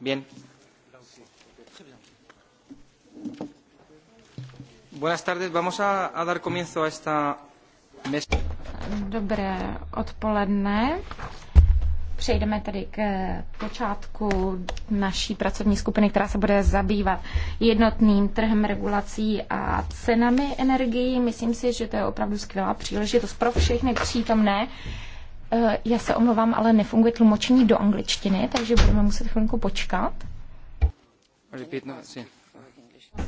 Bien. bien. Buenas tardes. Vamos a, a dar comienzo a esta mesa. Dobré odpoledne. Přejdeme tedy k počátku naší pracovní skupiny, která se bude zabývat jednotným trhem regulací a cenami energií. Myslím si, že to je opravdu skvělá příležitost pro všechny přítomné, Eh, já se omlouvám, ale nefunguje tlumočení do angličtiny, takže budeme muset chvilku počkat.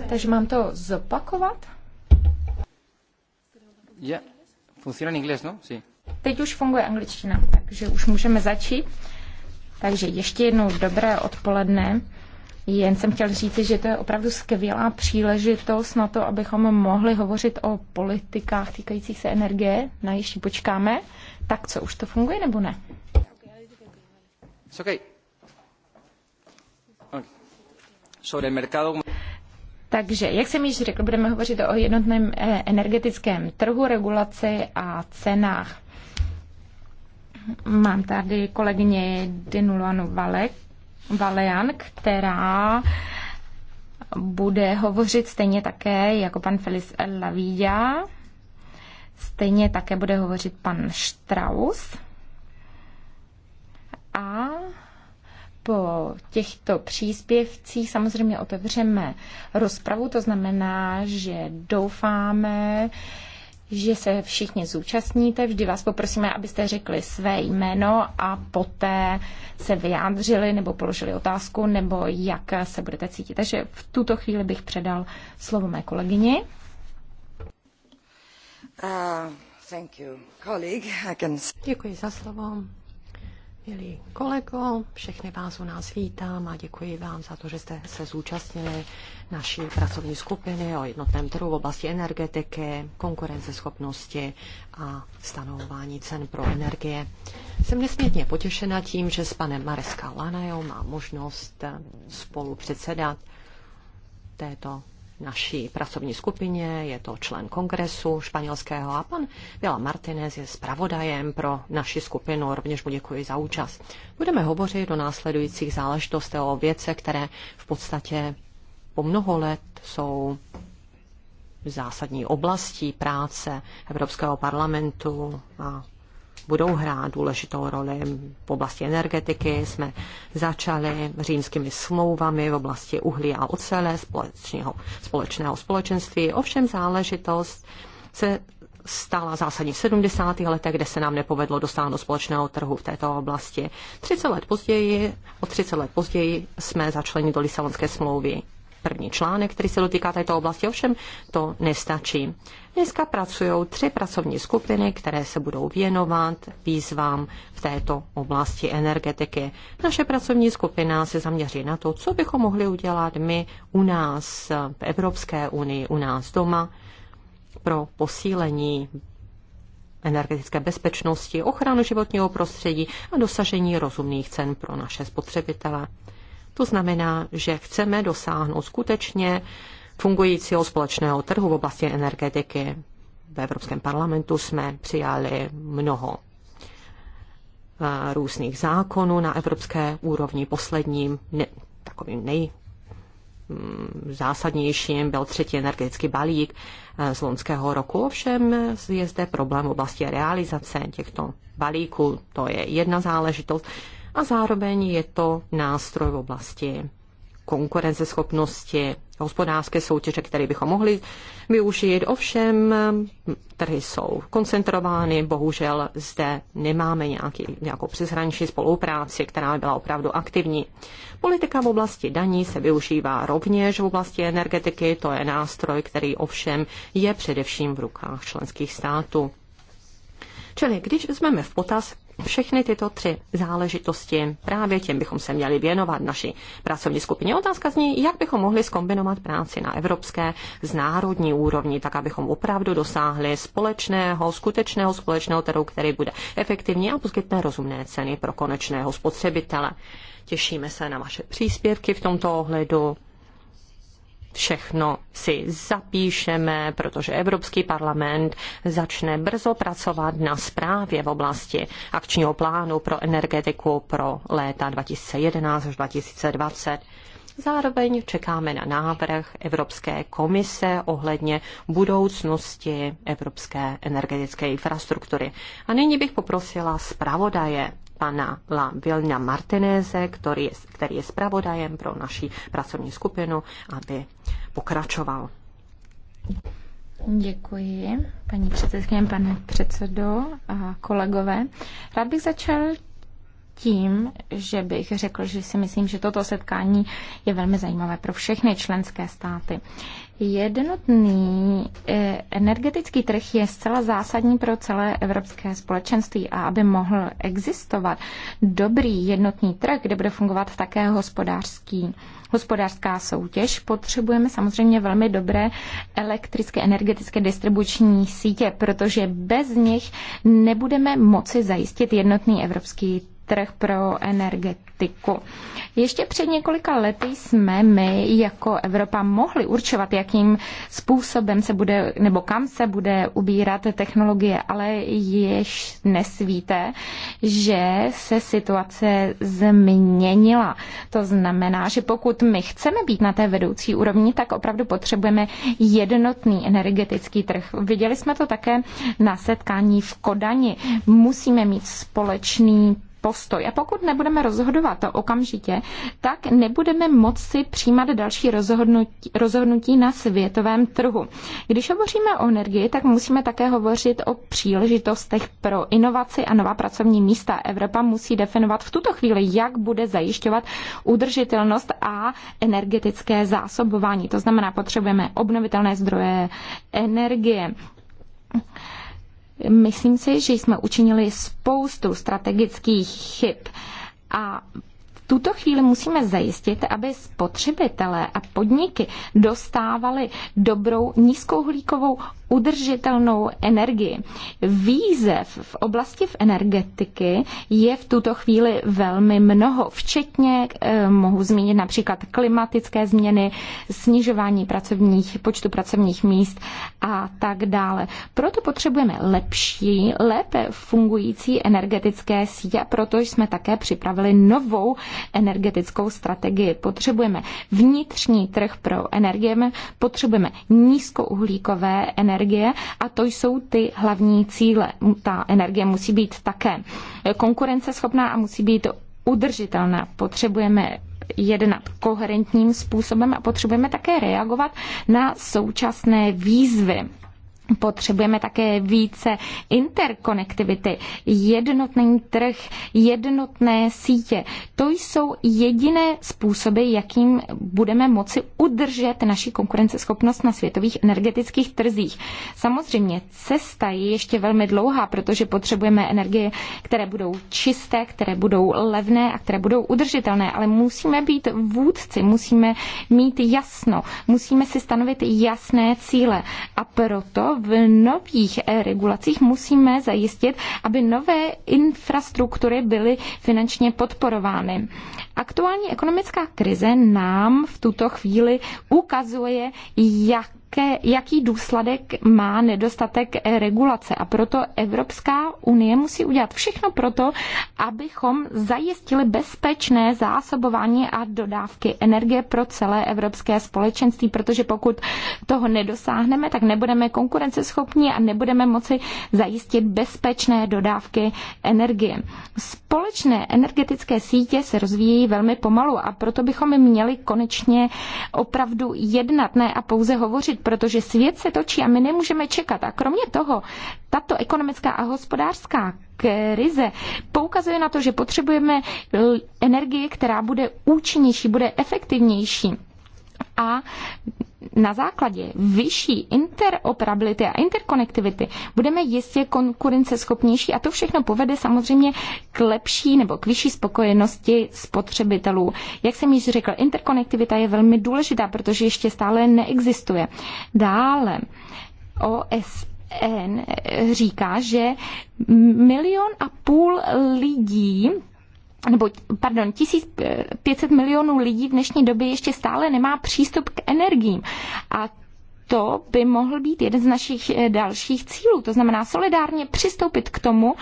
Takže mám to zopakovat? ¿no? Teď už funguje angličtina, takže už můžeme začít. Takže ještě jednou dobré odpoledne. Jen jsem chtěl říct, že to je opravdu skvělá příležitost na to, abychom mohli hovořit o politikách týkajících se energie. Na ještě počkáme. Tak co, už to funguje nebo ne? Takže, jak jsem již řekl, budeme hovořit o jednotném eh, energetickém trhu, regulaci a cenách. Mám tady kolegyně Dinulanu Valek, Valean, která bude hovořit stejně také jako pan Feliz Lavilla. Stejně také bude hovořit pan Strauss. A po těchto příspěvcích samozřejmě otevřeme rozpravu, to znamená, že doufáme, že se všichni zúčastníte. Vždy vás poprosíme, abyste řekli své jméno a poté se vyjádřili nebo položili otázku, nebo jak se budete cítit. Takže v tuto chvíli bych předal slovo mé kolegyni. Uh, thank you, colleague. I can... Děkuji za slovo. Milí kolego, všechny vás u nás vítám a děkuji vám za to, že jste se zúčastnili naší pracovní skupiny o jednotném trhu v oblasti energetiky, konkurenceschopnosti a stanovování cen pro energie. Jsem nesmírně potěšena tím, že s panem Mareska Lanajou má možnost spolu předsedat této naší pracovní skupině, je to člen kongresu španělského a pan Vila Martinez je zpravodajem pro naši skupinu, rovněž mu děkuji za účast. Budeme hovořit o následujících záležitostech o věce, které v podstatě po mnoho let jsou zásadní oblastí práce Evropského parlamentu a budou hrát důležitou roli v oblasti energetiky. Jsme začali římskými smlouvami v oblasti uhlí a ocele společného, společného společenství. Ovšem záležitost se stala zásadní v 70. letech, kde se nám nepovedlo dostáhnout do společného trhu v této oblasti. 30 let později, o 30 let později jsme začleni do Lisabonské smlouvy první článek, který se dotýká této oblasti, ovšem to nestačí. Dneska pracují tři pracovní skupiny, které se budou věnovat výzvám v této oblasti energetiky. Naše pracovní skupina se zaměří na to, co bychom mohli udělat my u nás v Evropské unii, u nás doma pro posílení energetické bezpečnosti, ochranu životního prostředí a dosažení rozumných cen pro naše spotřebitele. To znamená, že chceme dosáhnout skutečně fungujícího společného trhu v oblasti energetiky. V Evropském parlamentu jsme přijali mnoho eh, různých zákonů na evropské úrovni. Posledním, ne, takovým nejzásadnějším mm, byl třetí energetický balík eh, z loňského roku. Ovšem je zde problém v oblasti realizace těchto balíků. To je jedna záležitost a zároveň je to nástroj v oblasti konkurenceschopnosti, hospodářské soutěže, které bychom mohli využít. Ovšem, trhy jsou koncentrovány, bohužel zde nemáme nějaký, nějakou přeshraniční spolupráci, která by byla opravdu aktivní. Politika v oblasti daní se využívá rovněž v oblasti energetiky, to je nástroj, který ovšem je především v rukách členských států. Čili když vezmeme v potaz všechny tyto tři záležitosti, právě těm bychom se měli věnovat naší pracovní skupině. Otázka zní, jak bychom mohli skombinovat práci na evropské z národní úrovni, tak abychom opravdu dosáhli společného, skutečného společného trhu, který bude efektivní a poskytne rozumné ceny pro konečného spotřebitele. Těšíme se na vaše příspěvky v tomto ohledu všechno si zapíšeme, protože Evropský parlament začne brzo pracovat na zprávě v oblasti akčního plánu pro energetiku pro léta 2011 až 2020. Zároveň čekáme na návrh Evropské komise ohledně budoucnosti evropské energetické infrastruktury. A nyní bych poprosila zpravodaje pana La Vilna Martineze, který je, který je zpravodajem pro naši pracovní skupinu, aby pokračoval. Děkuji, paní předsedkyně, pane předsedo a kolegové. Rád bych začal tím, že bych řekl, že si myslím, že toto setkání je velmi zajímavé pro všechny členské státy. Jednotný eh, energetický trh je zcela zásadní pro celé evropské společenství a aby mohl existovat dobrý jednotný trh, kde bude fungovat také hospodářský hospodářská soutěž, potřebujeme samozřejmě velmi dobré elektrické energetické distribuční sítě, protože bez nich nebudeme moci zajistit jednotný evropský trh pro energetiku. Ještě před několika lety jsme my jako Evropa mohli určovat, jakým způsobem se bude nebo kam se bude ubírat technologie, ale již nesvíte, že se situace změnila. To znamená, že pokud my chceme být na té vedoucí úrovni, tak opravdu potřebujeme jednotný energetický trh. Viděli jsme to také na setkání v Kodani. Musíme mít společný postoj. A pokud nebudeme rozhodovat to okamžitě, tak nebudeme moci přijímat další rozhodnutí, rozhodnutí na světovém trhu. Když hovoříme o energii, tak musíme také hovořit o příležitostech pro inovaci a nová pracovní místa. Evropa musí definovat v tuto chvíli, jak bude zajišťovat udržitelnost a energetické zásobování. To znamená, potřebujeme obnovitelné zdroje energie. Myslím si, že jsme učinili spoustu strategických chyb a tuto chvíli musíme zajistit, aby spotřebitelé a podniky dostávali dobrou nízkouhlíkovou udržitelnou energii. Výzev v oblasti v energetiky je v tuto chvíli velmi mnoho, včetně eh, mohu zmínit například klimatické změny, snižování pracovních, počtu pracovních míst a tak dále. Proto potřebujeme lepší, lépe fungující energetické sítě a proto jsme také připravili novou energetickou strategii. Potřebujeme vnitřní trh pro energie, potřebujeme nízkouhlíkové energie a to jsou ty hlavní cíle. Ta energie musí být také konkurenceschopná a musí být udržitelná. Potřebujeme jednat koherentním způsobem a potřebujeme také reagovat na současné výzvy. Potřebujeme také více interkonektivity, jednotný trh, jednotné sítě. To jsou jediné způsoby, jakým budeme moci udržet naši konkurenceschopnost na světových energetických trzích. Samozřejmě cesta je ještě velmi dlouhá, protože potřebujeme energie, které budou čisté, které budou levné a které budou udržitelné, ale musíme být vůdci, musíme mít jasno, musíme si stanovit jasné cíle a proto v nových regulacích musíme zajistit, aby nové infrastruktury byly finančně podporovány. Aktuální ekonomická krize nám v tuto chvíli ukazuje, jak jaké, jaký důsledek má nedostatek eh, regulace. A proto Evropská unie musí udělat všechno proto, abychom zajistili bezpečné zásobování a dodávky energie pro celé evropské společenství, protože pokud toho nedosáhneme, tak nebudeme konkurenceschopní a nebudeme moci zajistit bezpečné dodávky energie. Společné energetické sítě se rozvíjí velmi pomalu a proto bychom měli konečně opravdu jednat, ne a pouze hovořit, protože svět se točí a my nemůžeme čekat. A kromě toho, tato ekonomická a hospodářská krize poukazuje na to, že potřebujeme energii, která bude účinnější, bude efektivnější. A na základě vyšší interoperability a interkonektivity budeme jistě konkurenceschopnější a to všechno povede samozřejmě k lepší nebo k vyšší spokojenosti spotřebitelů. Jak jsem již řekl, interkonektivita je velmi důležitá, protože ještě stále neexistuje. Dále OS říká, že milion a půl lidí nebo pardon, 1500 milionů lidí v dnešní době ještě stále nemá přístup k energiím. A to by mohl být jeden z našich eh, dalších cílů. To znamená solidárně přistoupit k tomu,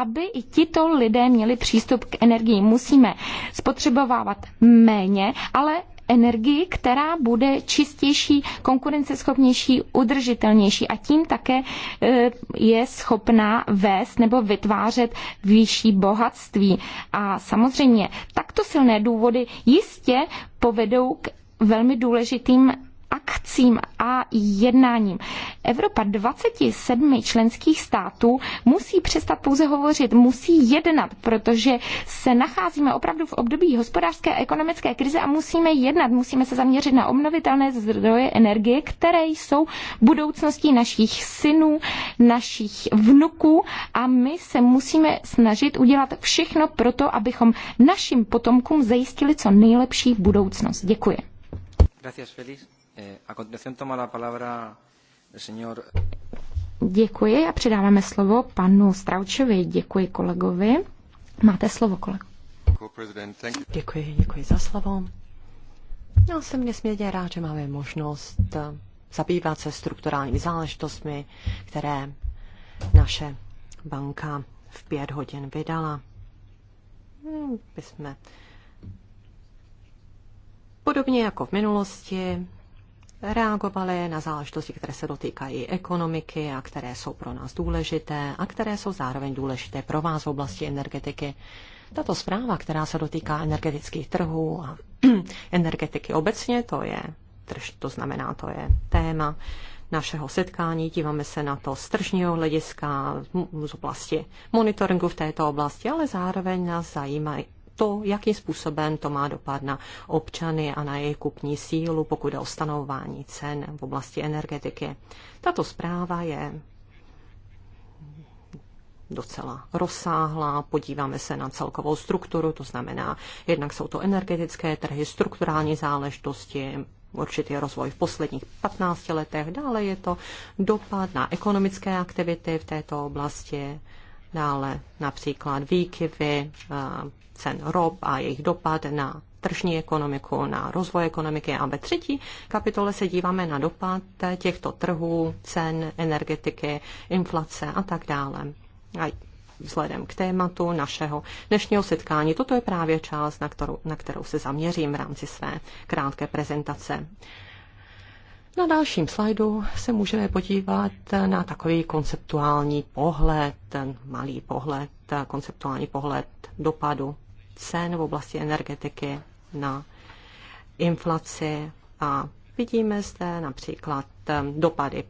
aby i tito lidé měli přístup k energii. Musíme spotřebovávat méně, ale energii, která bude čistější, konkurenceschopnější, udržitelnější a tím také e, je schopná vést nebo vytvářet vyšší bohatství. A samozřejmě takto silné důvody jistě povedou k velmi důležitým akcím a jednáním. Evropa 27 členských států musí přestat pouze hovořit, musí jednat, protože se nacházíme opravdu v období hospodářské a ekonomické krize a musíme jednat, musíme se zaměřit na obnovitelné zdroje energie, které jsou budoucností našich synů, našich vnuků a my se musíme snažit udělat všechno pro to, abychom našim potomkům zajistili co nejlepší budoucnost. Děkuji. Gracias, Feliz. Eh, děkuji a předáváme slovo panu Straučovi. Děkuji kolegovi. Máte slovo, kolego. Děkuji, děkuji za slovo. Já jsem nesmírně rád, že máme možnost eh, zabývat se strukturálními záležitostmi, které naše banka v pět hodin vydala. Hm, my jsme podobně jako v minulosti reagovali na záležitosti, které se dotýkají ekonomiky a které jsou pro nás důležité a které jsou zároveň důležité pro vás v oblasti energetiky. Tato zpráva, která se dotýká energetických trhů a energetiky obecně, to je to znamená, to je téma našeho setkání. Díváme se na to z tržního hlediska, z oblasti monitoringu v této oblasti, ale zároveň nás zajímají to, jakým způsobem to má dopad na občany a na jejich kupní sílu, pokud je o stanování cen v oblasti energetiky. Tato zpráva je docela rozsáhlá. Podíváme se na celkovou strukturu, to znamená, jednak jsou to energetické trhy, strukturální záležitosti, určitý rozvoj v posledních 15 letech. Dále je to dopad na ekonomické aktivity v této oblasti, dále například výkyvy eh, cen rob a jejich dopad na tržní ekonomiku, na rozvoj ekonomiky. A ve třetí kapitole se díváme na dopad těchto trhů, cen, energetiky, inflace a tak dále. A vzhledem k tématu našeho dnešního setkání, toto je právě část, na kterou, na kterou se zaměřím v rámci své krátké prezentace. Na dalším slajdu se můžeme podívat na takový konceptuální pohled, ten malý pohled, konceptuální pohled dopadu cen v oblasti energetiky na inflaci a vidíme zde například dopady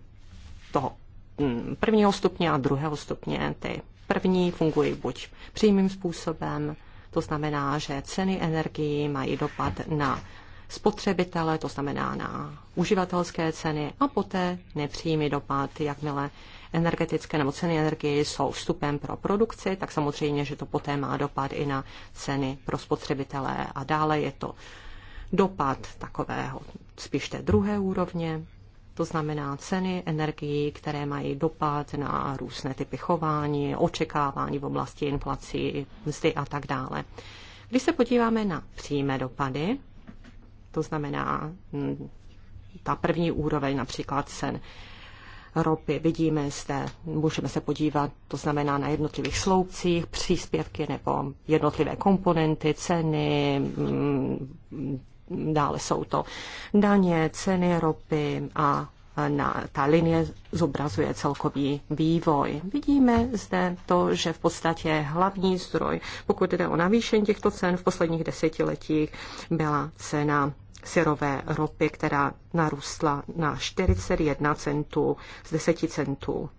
toho mm, prvního stupně a druhého stupně. Ty první fungují buď přímým způsobem, to znamená, že ceny energií mají dopad na spotřebitele, to znamená na uživatelské ceny a poté nepřímý dopad, jakmile energetické nebo ceny energie jsou vstupem pro produkci, tak samozřejmě, že to poté má dopad i na ceny pro spotřebitele a dále je to dopad takového spíš té druhé úrovně, to znamená ceny energií, které mají dopad na různé typy chování, očekávání v oblasti inflací, mzdy a tak dále. Když se podíváme na přímé dopady, to znamená mm, ta první úroveň například cen ropy. Vidíme zde, můžeme se podívat, to znamená na jednotlivých sloupcích, příspěvky nebo jednotlivé komponenty, ceny, mm, dále jsou to daně, ceny ropy a na, ta linie zobrazuje celkový vývoj. Vidíme zde to, že v podstatě hlavní zdroj, pokud jde o navýšení těchto cen v posledních desetiletích, byla cena syrové ropy, která narůstla na 41 centů z 10 centů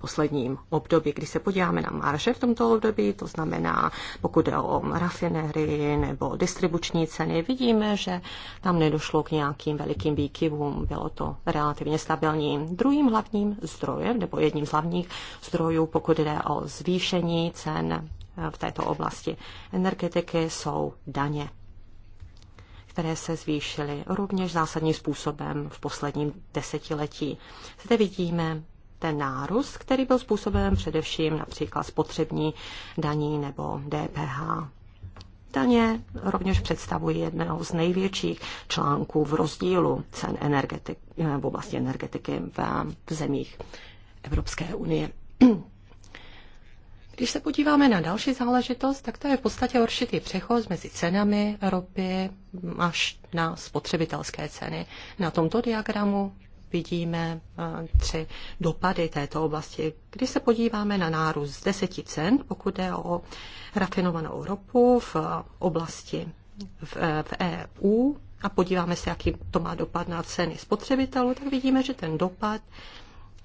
posledním období. Když se podíváme na marže v tomto období, to znamená, pokud jde o rafinerii nebo distribuční ceny, vidíme, že tam nedošlo k nějakým velikým výkyvům, bylo to relativně stabilní. Druhým hlavním zdrojem, nebo jedním z hlavních zdrojů, pokud jde o zvýšení cen v této oblasti energetiky, jsou daně které se zvýšily rovněž zásadním způsobem v posledním desetiletí. Zde vidíme ten nárůst, který byl způsoben především například spotřební daní nebo DPH. Daně rovněž představují jednoho z největších článků v rozdílu cen energetik, v oblasti energetiky v, v zemích Evropské unie. Když se podíváme na další záležitost, tak to je v podstatě určitý přechod mezi cenami ropy až na spotřebitelské ceny. Na tomto diagramu vidíme eh, tři dopady této oblasti. Když se podíváme na nárůst z 10 cent, pokud jde o rafinovanou ropu v oblasti v EU eh, e a podíváme se, jaký to má dopad na ceny spotřebitelů, tak vidíme, že ten dopad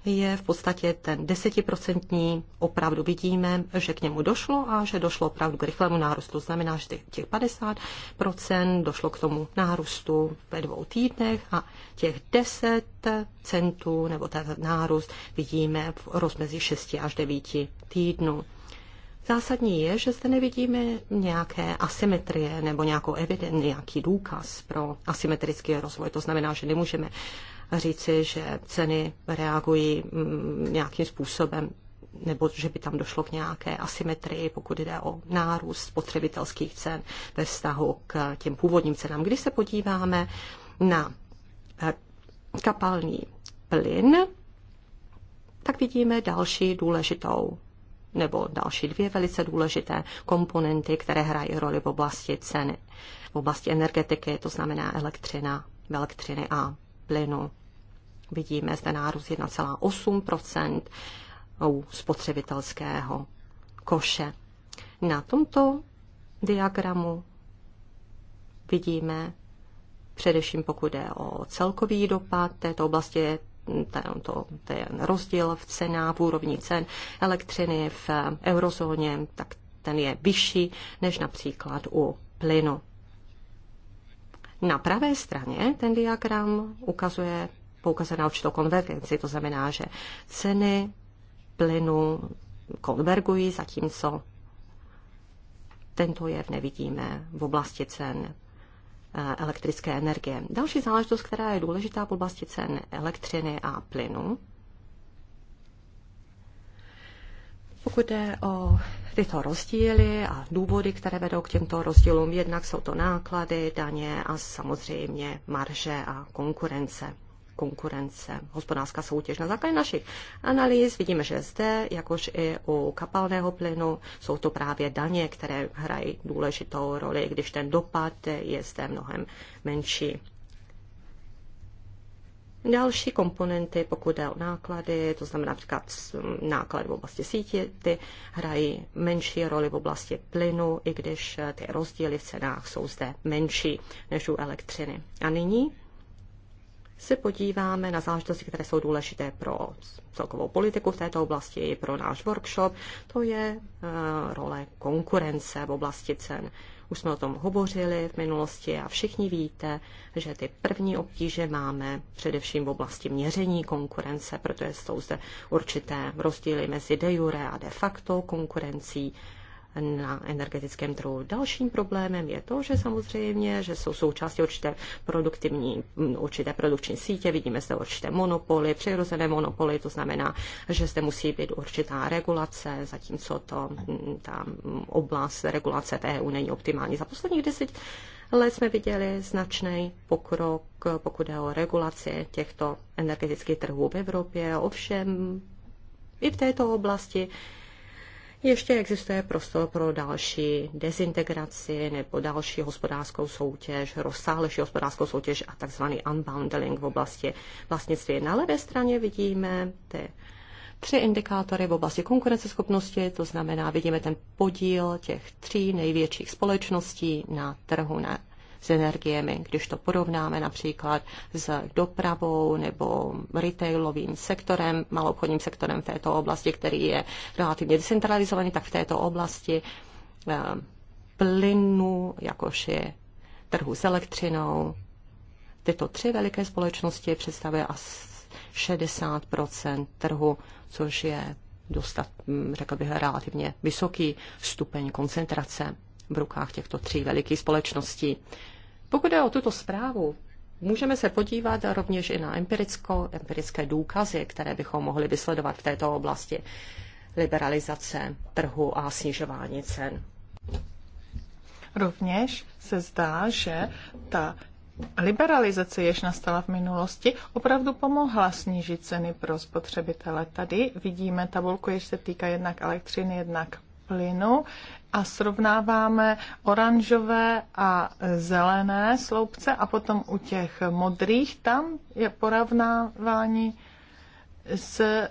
je v podstatě ten desetiprocentní, opravdu vidíme, že k němu došlo a že došlo opravdu k rychlému nárůstu. Znamená, že těch 50% došlo k tomu nárůstu ve dvou týdnech a těch 10 centů nebo ten nárůst vidíme v rozmezí 6 až 9 týdnů. Zásadní je, že zde nevidíme nějaké asymetrie nebo nějakou eviden, nějaký důkaz pro asymetrický rozvoj. To znamená, že nemůžeme říci, že ceny reagují mm, nějakým způsobem nebo že by tam došlo k nějaké asymetrii, pokud jde o nárůst spotřebitelských cen ve vztahu k těm původním cenám. Když se podíváme na eh, kapalný plyn, tak vidíme další důležitou nebo další dvě velice důležité komponenty, které hrají roli v oblasti ceny, v oblasti energetiky, to znamená elektřina, elektřiny a plynu. Vidíme zde nárůst 1,8 u spotřebitelského koše. Na tomto diagramu vidíme, především pokud je o celkový dopad této oblasti, je to, ten rozdíl v cenách, v úrovni cen elektřiny v eurozóně, tak ten je vyšší než například u plynu. Na pravé straně ten diagram ukazuje poukazuje na určitou konvergenci, to znamená, že ceny plynu konvergují, zatímco tento jev nevidíme v oblasti cen eh, elektrické energie. Další záležitost, která je důležitá v oblasti cen elektřiny a plynu, Pokud jde o tyto rozdíly a důvody, které vedou k těmto rozdílům, jednak jsou to náklady, daně a samozřejmě marže a konkurence konkurence, hospodářská soutěž. Na základě našich analýz vidíme, že zde, jakož i u kapalného plynu, jsou to právě daně, které hrají důležitou roli, když ten dopad je zde mnohem menší. Další komponenty, pokud jde o náklady, to znamená například náklady v oblasti sítě, ty hrají menší roli v oblasti plynu, i když eh, ty rozdíly v cenách jsou zde menší než u elektřiny. A nyní se podíváme na záležitosti, které jsou důležité pro celkovou politiku v této oblasti i pro náš workshop, to je eh, role konkurence v oblasti cen. Už jsme o tom hovořili v minulosti a všichni víte, že ty první obtíže máme především v oblasti měření konkurence, protože jsou zde určité rozdíly mezi de jure a de facto konkurencí na energetickém trhu. Dalším problémem je to, že samozřejmě, že jsou součástí určité produktivní, určité produkční sítě, vidíme zde určité monopoly, přirozené monopoly, to znamená, že zde musí být určitá regulace, zatímco to, ta oblast regulace v EU není optimální. Za posledních deset let jsme viděli značný pokrok, pokud je o regulaci těchto energetických trhů v Evropě. Ovšem, i v této oblasti ještě existuje prostor pro další dezintegraci nebo další hospodářskou soutěž, rozsáhlejší hospodářskou soutěž a takzvaný unbundling v oblasti vlastnictví. Na levé straně vidíme ty tři indikátory v oblasti konkurenceschopnosti, to znamená, vidíme ten podíl těch tří největších společností na trhu na s energiemi, když to porovnáme například s dopravou nebo retailovým sektorem, malobchodním sektorem v této oblasti, který je relativně decentralizovaný, tak v této oblasti eh, plynu, jakož je trhu s elektřinou. Tyto tři veliké společnosti představuje asi 60 trhu, což je dostat, hm, řekl bych, relativně vysoký stupeň koncentrace v rukách těchto tří velikých společností. Pokud je o tuto zprávu, můžeme se podívat rovněž i na empiricko, empirické důkazy, které bychom mohli vysledovat v této oblasti liberalizace trhu a snižování cen. Rovněž se zdá, že ta liberalizace, jež nastala v minulosti, opravdu pomohla snížit ceny pro spotřebitele. Tady vidíme tabulku, jež se týká jednak elektřiny, jednak plynu a srovnáváme oranžové a zelené sloupce a potom u těch modrých tam je porovnávání s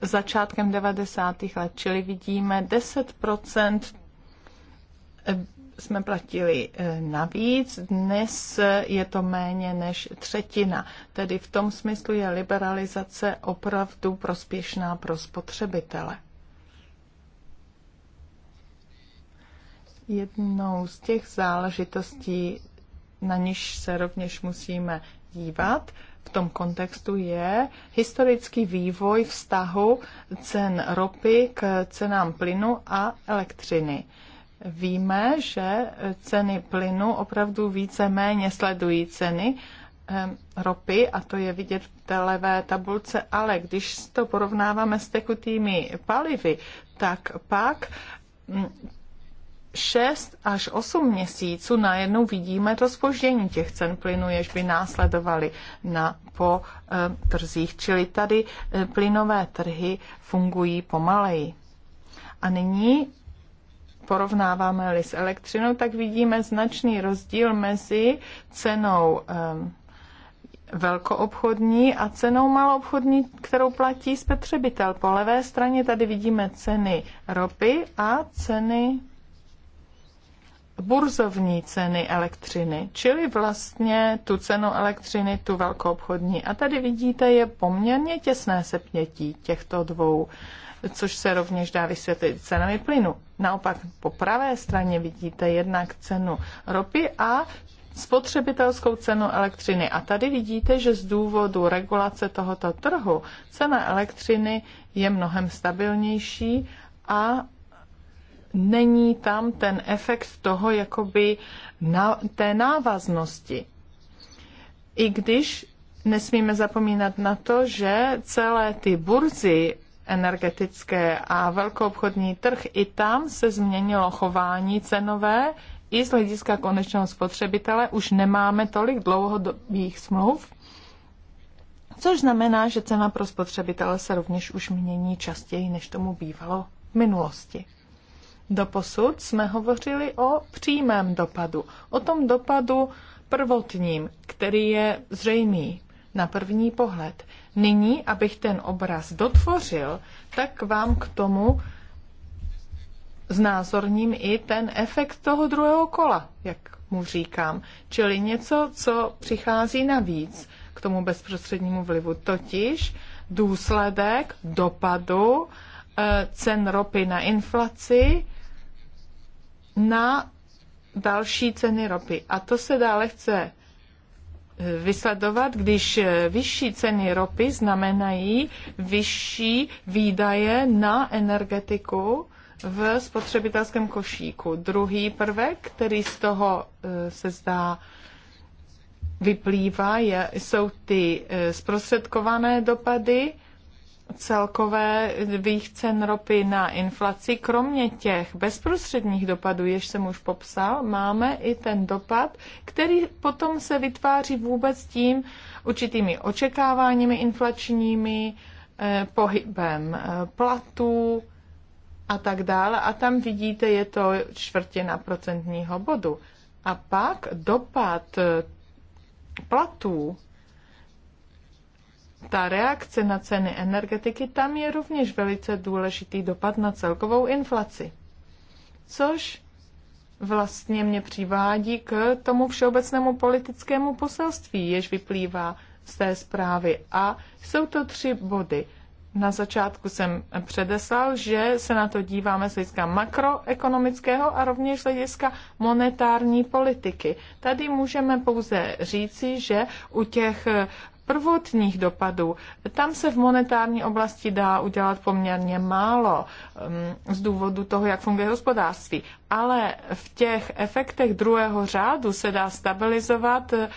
začátkem 90. let, čili vidíme 10% eh, jsme platili eh, navíc, dnes je to méně než třetina. Tedy v tom smyslu je liberalizace opravdu prospěšná pro spotřebitele. jednou z těch záležitostí, na niž se rovněž musíme dívat v tom kontextu, je historický vývoj vztahu cen ropy k cenám plynu a elektřiny. Víme, že ceny plynu opravdu více-méně sledují ceny ropy, a to je vidět v té levé tabulce, ale když to porovnáváme s tekutými palivy, tak pak mm, 6 až 8 měsíců najednou vidíme to spoždění těch cen plynu, jež by následovaly na, po e, trzích. Čili tady e, plynové trhy fungují pomaleji. A nyní porovnáváme-li s elektřinou, tak vidíme značný rozdíl mezi cenou e, velkoobchodní a cenou maloobchodní, kterou platí spotřebitel. Po levé straně tady vidíme ceny ropy a ceny burzovní ceny elektřiny, čili vlastně tu cenu elektřiny, tu velkou obchodní. A tady vidíte, je poměrně těsné sepnětí těchto dvou, což se rovněž dá vysvětlit cenami plynu. Naopak po pravé straně vidíte jednak cenu ropy a spotřebitelskou cenu elektřiny. A tady vidíte, že z důvodu regulace tohoto trhu cena elektřiny je mnohem stabilnější a není tam ten efekt toho jakoby na, té návaznosti. I když nesmíme zapomínat na to, že celé ty burzy energetické a velkoobchodní trh, i tam se změnilo chování cenové, i z hlediska konečného spotřebitele už nemáme tolik dlouhodobých smluv, což znamená, že cena pro spotřebitele se rovněž už mění častěji, než tomu bývalo v minulosti. Doposud jsme hovořili o přímém dopadu, o tom dopadu prvotním, který je zřejmý na první pohled. Nyní, abych ten obraz dotvořil, tak vám k tomu znázorním i ten efekt toho druhého kola, jak mu říkám, čili něco, co přichází navíc k tomu bezprostřednímu vlivu, totiž důsledek dopadu eh, cen ropy na inflaci, na další ceny ropy. A to se dále chce eh, vysledovat, když eh, vyšší ceny ropy znamenají vyšší výdaje na energetiku v spotřebitelském košíku. Druhý prvek, který z toho eh, se zdá vyplývá, je, jsou ty zprostředkované dopady Celkové cen ropy na inflaci, kromě těch bezprostředních dopadů, jež jsem už popsal, máme i ten dopad, který potom se vytváří vůbec tím určitými očekáváními inflačními, eh, pohybem eh, platů a tak dále. A tam vidíte, je to čtvrtina procentního bodu. A pak dopad eh, platů ta reakce na ceny energetiky, tam je rovněž velice důležitý dopad na celkovou inflaci. Což vlastně mě přivádí k tomu všeobecnému politickému poselství, jež vyplývá z té zprávy. A jsou to tři body. Na začátku jsem předeslal, že se na to díváme z hlediska makroekonomického a rovněž z hlediska monetární politiky. Tady můžeme pouze říci, že u těch prvotních dopadů, tam se v monetární oblasti dá udělat poměrně málo um, z důvodu toho, jak funguje hospodářství. Ale v těch efektech druhého řádu se dá stabilizovat eh,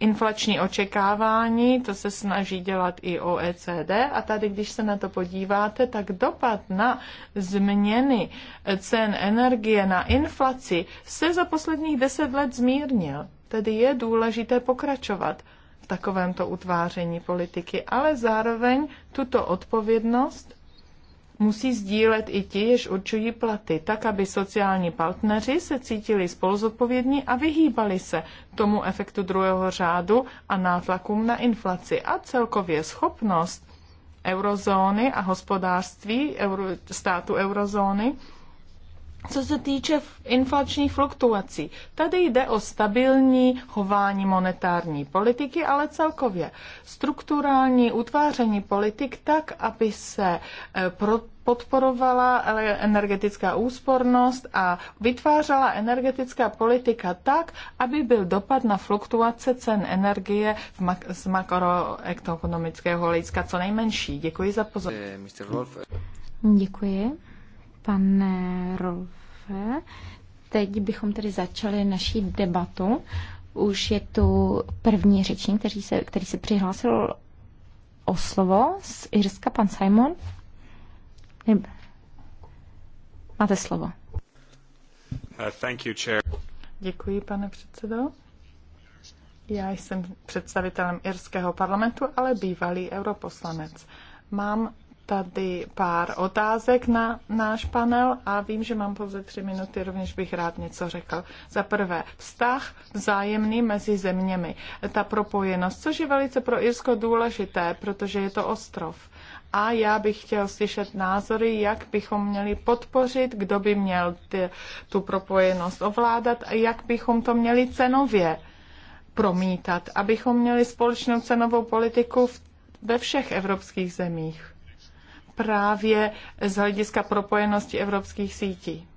inflační očekávání, to se snaží dělat i OECD a tady, když se na to podíváte, tak dopad na změny cen energie na inflaci se za posledních deset let zmírnil. Tedy je důležité pokračovat takovémto utváření politiky, ale zároveň tuto odpovědnost musí sdílet i ti, jež určují platy, tak aby sociální partneři se cítili spoluzodpovědní a vyhýbali se tomu efektu druhého řádu a nátlakům na inflaci a celkově schopnost eurozóny a hospodářství euro, státu eurozóny co se týče inflačních fluktuací, tady jde o stabilní chování monetární politiky, ale celkově strukturální utváření politik tak, aby se e, podporovala energetická úspornost a vytvářela energetická politika tak, aby byl dopad na fluktuace cen energie mak z makroekonomického hlediska co nejmenší. Děkuji za pozornost. Eh, Děkuji pane Rolfe. Teď bychom tedy začali naší debatu. Už je tu první řečník, který se, který se přihlásil o slovo z Irska, pan Simon. Máte slovo. Uh, thank you, chair. Děkuji, pane předsedo. Já jsem představitelem irského parlamentu, ale bývalý europoslanec. Mám tady pár otázek na náš panel a vím, že mám pouze tři minuty, rovněž bych rád něco řekl. Za prvé, vztah vzájemný mezi zeměmi, ta propojenost, což je velice pro Irsko důležité, protože je to ostrov. A já bych chtěl slyšet názory, jak bychom měli podpořit, kdo by měl ty, tu propojenost ovládat a jak bychom to měli cenově promítat, abychom měli společnou cenovou politiku v, ve všech evropských zemích právě z hlediska propojenosti evropských sítí.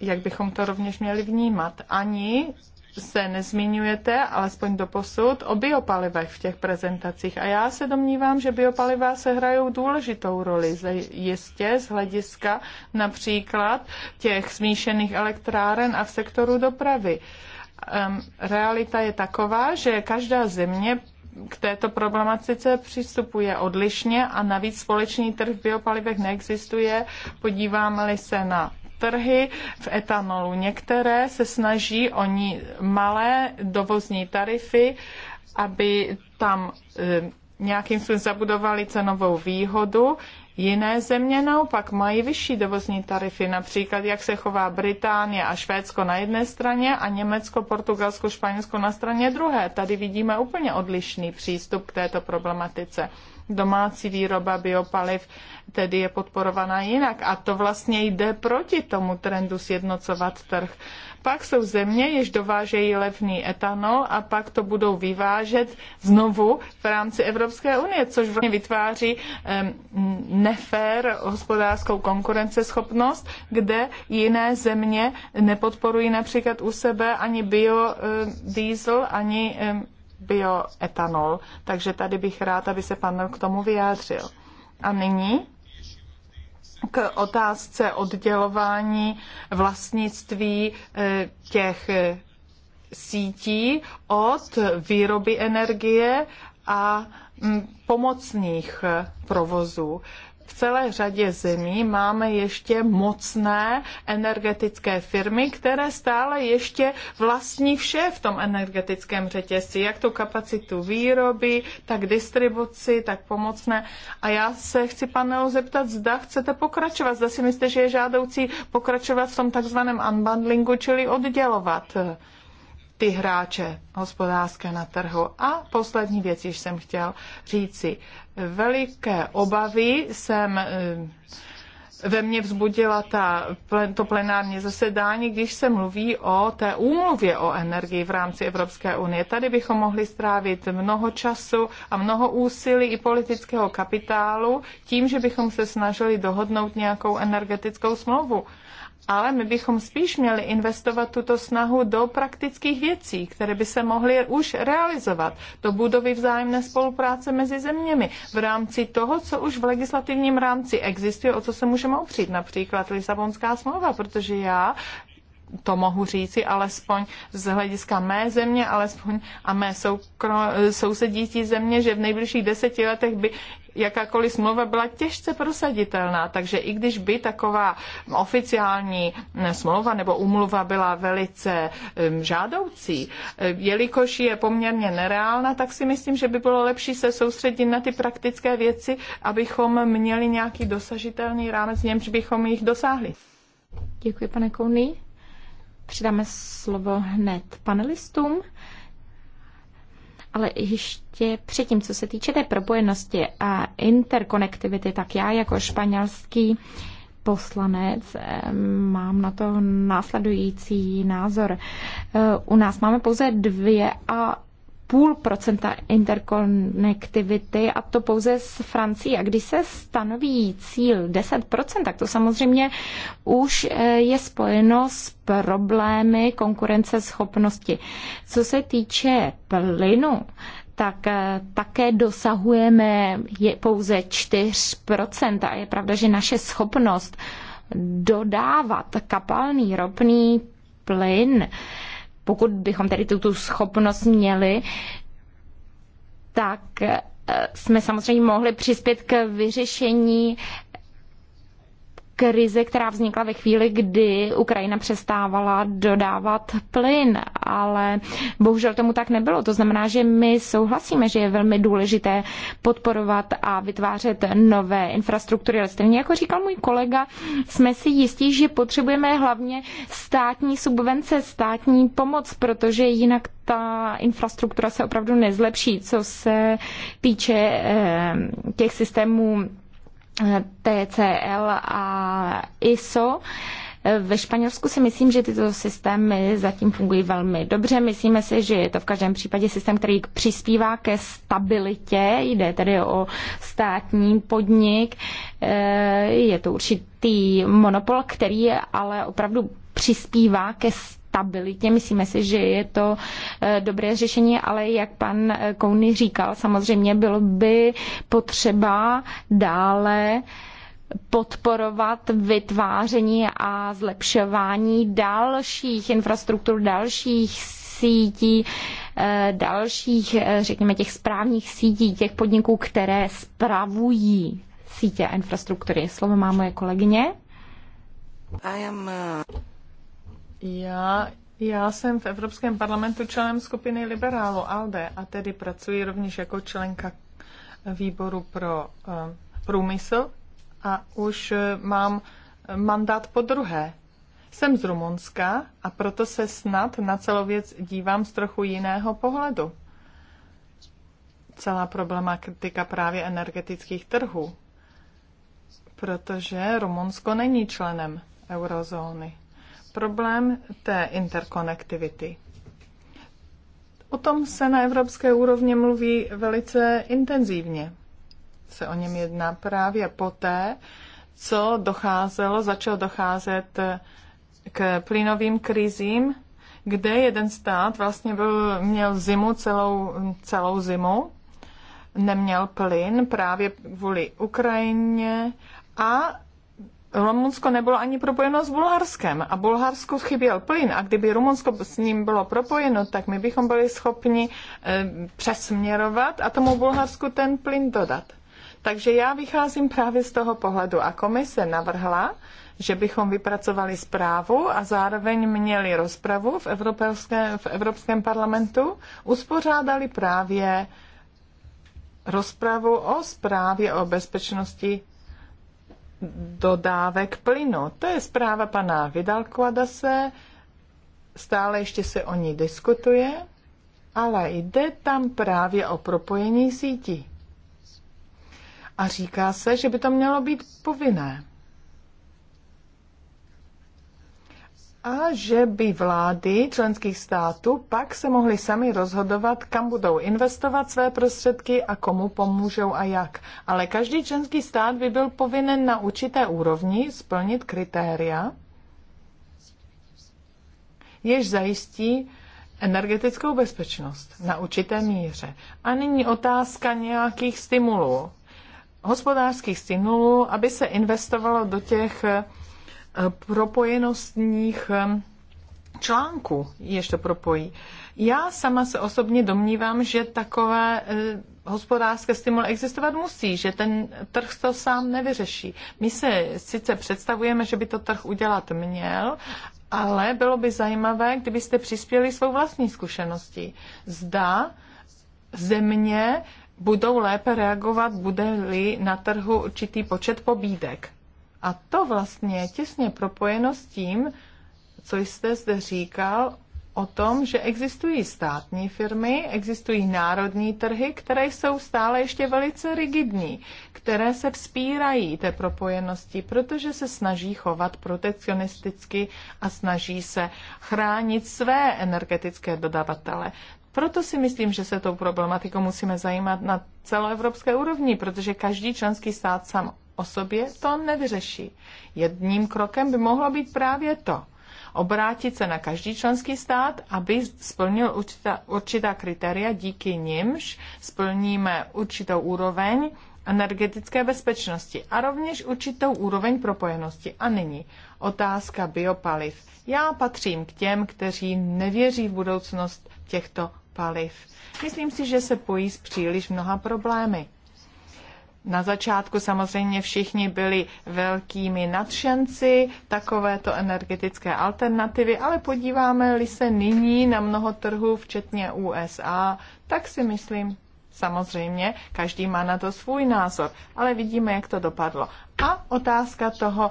Jak bychom to rovněž měli vnímat? Ani se nezmiňujete, alespoň do posud, o biopalivech v těch prezentacích. A já se domnívám, že biopaliva se hrajou důležitou roli, jistě z hlediska například těch smíšených elektráren a v sektoru dopravy. realita je taková, že každá země k této problematice přistupuje odlišně a navíc společný trh v biopalivech neexistuje. Podíváme-li se na trhy v etanolu. Některé se snaží o ní malé dovozní tarify, aby tam eh, nějakým způsobem zabudovali cenovou výhodu. Jiné země naopak mají vyšší dovozní tarify, například jak se chová Británie a Švédsko na jedné straně a Německo, Portugalsko, Španělsko na straně druhé. Tady vidíme úplně odlišný přístup k této problematice domácí výroba biopaliv tedy je podporovaná jinak. A to vlastně jde proti tomu trendu sjednocovat trh. Pak jsou země, jež dovážejí levný etanol a pak to budou vyvážet znovu v rámci Evropské unie, což vlastně vytváří nefér hospodářskou konkurenceschopnost, kde jiné země nepodporují například u sebe ani biodiesel, ani bioetanol, takže tady bych rád, aby se pan k tomu vyjádřil. A nyní k otázce oddělování vlastnictví eh, těch eh, sítí od výroby energie a mm, pomocných eh, provozů v celé řadě zemí máme ještě mocné energetické firmy, které stále ještě vlastní vše v tom energetickém řetězci, jak tu kapacitu výroby, tak distribuci, tak pomocné. A já se chci panelu zeptat, zda chcete pokračovat, zda si myslíte, že je žádoucí pokračovat v tom takzvaném unbundlingu, čili oddělovat ty hráče hospodářské na trhu. A poslední věc, již jsem chtěl říci. Veliké obavy jsem eh, ve mně vzbudila ta, to plenární zasedání, když se mluví o té úmluvě o energii v rámci Evropské unie. Tady bychom mohli strávit mnoho času a mnoho úsilí i politického kapitálu tím, že bychom se snažili dohodnout nějakou energetickou smlouvu ale my bychom spíš měli investovat tuto snahu do praktických věcí, které by se mohly už realizovat, do budovy vzájemné spolupráce mezi zeměmi v rámci toho, co už v legislativním rámci existuje, o co se můžeme opřít, například Lisabonská smlouva, protože já to mohu říci, alespoň z hlediska mé země, alespoň a mé soukro- sousedící země, že v nejbližších deseti letech by jakákoliv smlouva byla těžce prosaditelná, takže i když by taková oficiální smlouva nebo umluva byla velice žádoucí, jelikož je poměrně nereálna, tak si myslím, že by bylo lepší se soustředit na ty praktické věci, abychom měli nějaký dosažitelný rámec, němž bychom jich dosáhli. Děkuji, pane Kouny. Přidáme slovo hned panelistům. Ale ještě předtím, co se týče té propojenosti a interkonektivity, tak já jako španělský poslanec mám na to následující názor. E, u nás máme pouze dvě a půl procenta interkonektivity a to pouze s Francií. A když se stanoví cíl 10%, tak to samozřejmě už eh, je spojeno s problémy konkurenceschopnosti. Co se týče plynu, tak eh, také dosahujeme je pouze 4% a je pravda, že naše schopnost dodávat kapalný ropný plyn pokud bychom tedy tuto schopnost měli, tak eh, jsme samozřejmě mohli přispět k vyřešení krize, která vznikla ve chvíli, kdy Ukrajina přestávala dodávat plyn, ale bohužel tomu tak nebylo. To znamená, že my souhlasíme, že je velmi důležité podporovat a vytvářet nové infrastruktury. Ale stejně jako říkal můj kolega, jsme si jistí, že potřebujeme hlavně státní subvence, státní pomoc, protože jinak ta infrastruktura se opravdu nezlepší, co se týče eh, těch systémů TCL a ISO. Ve Španělsku si myslím, že tyto systémy zatím fungují velmi dobře. Myslíme si, že je to v každém případě systém, který přispívá ke stabilitě. Jde tedy o státní podnik. Eh, je to určitý monopol, který ale opravdu přispívá ke stabilitě stabilitě. Myslíme si, že je to eh, dobré řešení, ale jak pan eh, Kouny říkal, samozřejmě bylo by potřeba dále podporovat vytváření a zlepšování dalších infrastruktur, dalších sítí, eh, dalších, řekněme, těch správních sítí, těch podniků, které spravují sítě a infrastruktury. Slovo má moje kolegyně. I am, uh... Já, já jsem v Evropském parlamentu členem skupiny liberálu ALDE a tedy pracuji rovněž jako členka výboru pro eh, průmysl a už eh, mám eh, mandát po druhé. Jsem z Rumunska a proto se snad na celou věc dívám z trochu jiného pohledu. Celá problematika právě energetických trhů, protože Rumunsko není členem eurozóny problém té interkonektivity. O tom se na evropské úrovni mluví velice intenzivně. Se o něm jedná právě poté, co docházelo, začalo docházet k plynovým krizím, kde jeden stát vlastně byl, měl zimu celou, celou zimu, neměl plyn právě kvůli Ukrajině a Rumunsko nebylo ani propojeno s Bulharskem a Bulharsku chyběl plyn a kdyby Rumunsko s ním bylo propojeno, tak my bychom byli schopni eh, přesměrovat a tomu Bulharsku ten plyn dodat. Takže já vycházím právě z toho pohledu a komise navrhla, že bychom vypracovali zprávu a zároveň měli rozpravu v Evropském, v Evropském parlamentu, uspořádali právě rozpravu o zprávě o bezpečnosti dodávek plynu. To je zpráva pana Vidalkvadase, stále ještě se o ní diskutuje, ale jde tam právě o propojení sítí. A říká se, že by to mělo být povinné. a že by vlády členských států pak se mohly sami rozhodovat, kam budou investovat své prostředky a komu pomůžou a jak. Ale každý členský stát by byl povinen na určité úrovni splnit kritéria, jež zajistí energetickou bezpečnost na určité míře. A nyní otázka nějakých stimulů, hospodářských stimulů, aby se investovalo do těch propojenostních ehm, článků, ještě propojí. Já sama se osobně domnívám, že takové eh, hospodářské stimul existovat musí, že ten trh to sám nevyřeší. My se sice představujeme, že by to trh udělat měl, ale bylo by zajímavé, kdybyste přispěli svou vlastní zkušeností. Zda země budou lépe reagovat, bude-li na trhu určitý počet pobídek. A to vlastně je těsně propojeno s tím, co jste zde říkal o tom, že existují státní firmy, existují národní trhy, které jsou stále ještě velice rigidní, které se vzpírají té propojenosti, protože se snaží chovat protekcionisticky a snaží se chránit své energetické dodavatele. Proto si myslím, že se tou problematikou musíme zajímat na celoevropské úrovni, protože každý členský stát sám o sobě to nevyřeší. Jedním krokem by mohlo být právě to, obrátit se na každý členský stát, aby splnil určitá, určitá kritéria, díky nimž splníme určitou úroveň energetické bezpečnosti a rovněž určitou úroveň propojenosti. A nyní otázka biopaliv. Já patřím k těm, kteří nevěří v budoucnost těchto paliv. Myslím si, že se pojí s příliš mnoha problémy. Na začátku samozřejmě všichni byli velkými nadšenci takovéto energetické alternativy, ale podíváme-li se nyní na mnoho trhů, včetně USA, tak si myslím, samozřejmě, každý má na to svůj názor, ale vidíme, jak to dopadlo. A otázka toho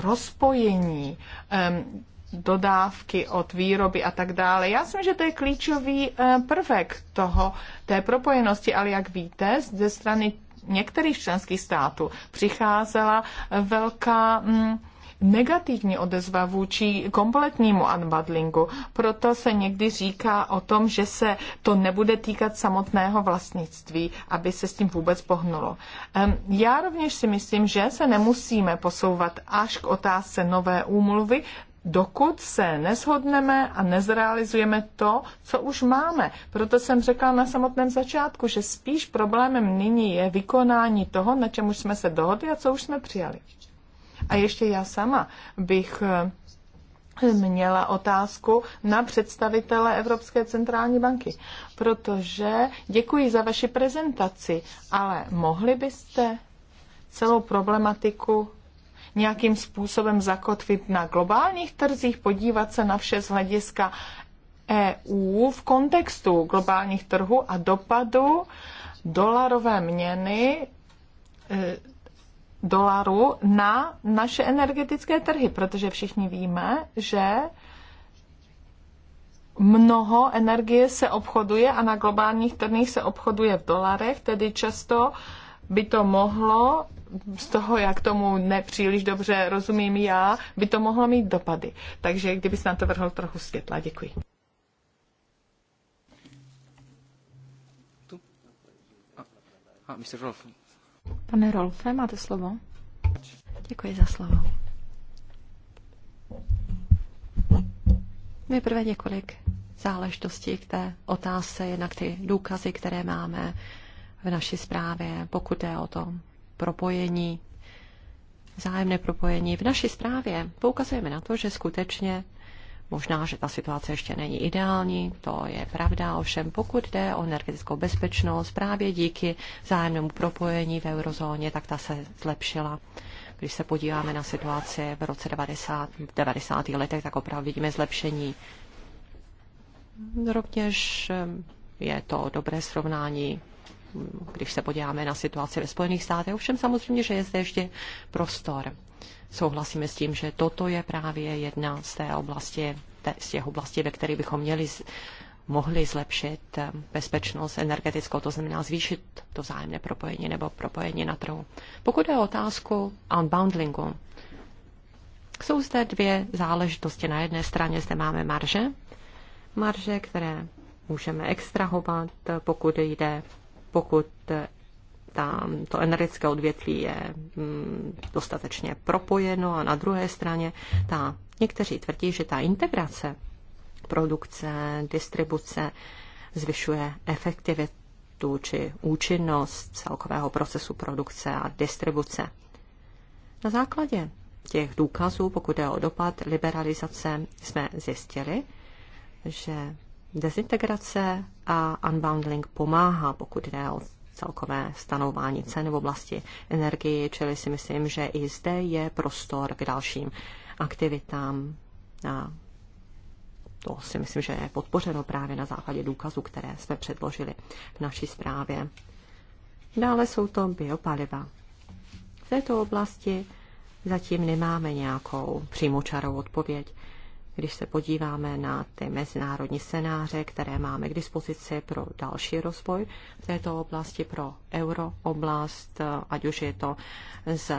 rozpojení. Um, dodávky, od výroby a tak dále. Já si myslím, že to je klíčový eh, prvek toho, té propojenosti, ale jak víte, ze strany některých členských států přicházela eh, velká mm, negativní odezva vůči kompletnímu unbundlingu. Proto se někdy říká o tom, že se to nebude týkat samotného vlastnictví, aby se s tím vůbec pohnulo. Ehm, já rovněž si myslím, že se nemusíme posouvat až k otázce nové úmluvy dokud se neshodneme a nezrealizujeme to, co už máme. Proto jsem řekla na samotném začátku, že spíš problémem nyní je vykonání toho, na čem už jsme se dohodli a co už jsme přijali. A ještě já sama bych eh, měla otázku na představitele Evropské centrální banky, protože děkuji za vaši prezentaci, ale mohli byste celou problematiku nějakým způsobem zakotvit na globálních trzích, podívat se na vše z hlediska EU v kontextu globálních trhů a dopadu dolarové měny e, dolaru na naše energetické trhy, protože všichni víme, že mnoho energie se obchoduje a na globálních trzích se obchoduje v dolarech, tedy často by to mohlo, z toho, jak tomu nepříliš dobře rozumím já, by to mohlo mít dopady. Takže kdyby se na to vrhl trochu světla, děkuji. A, Mr. Rolf. Pane Rolfe, máte slovo? Děkuji za slovo. Nejprve několik záležitostí k té otázce, jednak ty důkazy, které máme, v naší zprávě, pokud je o to propojení, zájemné propojení. V naší zprávě poukazujeme na to, že skutečně Možná, že ta situace ještě není ideální, to je pravda, ovšem pokud jde o energetickou bezpečnost, právě díky zájemnému propojení v eurozóně, tak ta se zlepšila. Když se podíváme na situaci v roce 90, 90. letech, tak opravdu vidíme zlepšení. Rovněž eh, je to dobré srovnání když se podíváme na situaci ve Spojených státech. Ovšem samozřejmě, že je zde ještě prostor. Souhlasíme s tím, že toto je právě jedna z, té oblasti, z těch oblastí, ve kterých bychom měli mohli zlepšit eh, bezpečnost energetickou, to znamená zvýšit to vzájemné propojení nebo propojení na trhu. Pokud je o otázku unboundlingu, jsou zde dvě záležitosti. Na jedné straně zde máme marže, marže, které můžeme extrahovat, pokud jde pokud tam to energetické odvětví je mm, dostatečně propojeno a na druhé straně ta, někteří tvrdí, že ta integrace produkce, distribuce zvyšuje efektivitu či účinnost celkového procesu produkce a distribuce. Na základě těch důkazů, pokud jde o dopad liberalizace, jsme zjistili, že dezintegrace a unbundling pomáhá, pokud jde o celkové stanování cen v oblasti energii, čili si myslím, že i zde je prostor k dalším aktivitám. A to si myslím, že je podpořeno právě na základě důkazů, které jsme předložili v naší zprávě. Dále jsou to biopaliva. V této oblasti zatím nemáme nějakou přímočarou odpověď když se podíváme na ty mezinárodní scénáře, které máme k dispozici pro další rozvoj v této oblasti, pro eurooblast, ať už je to z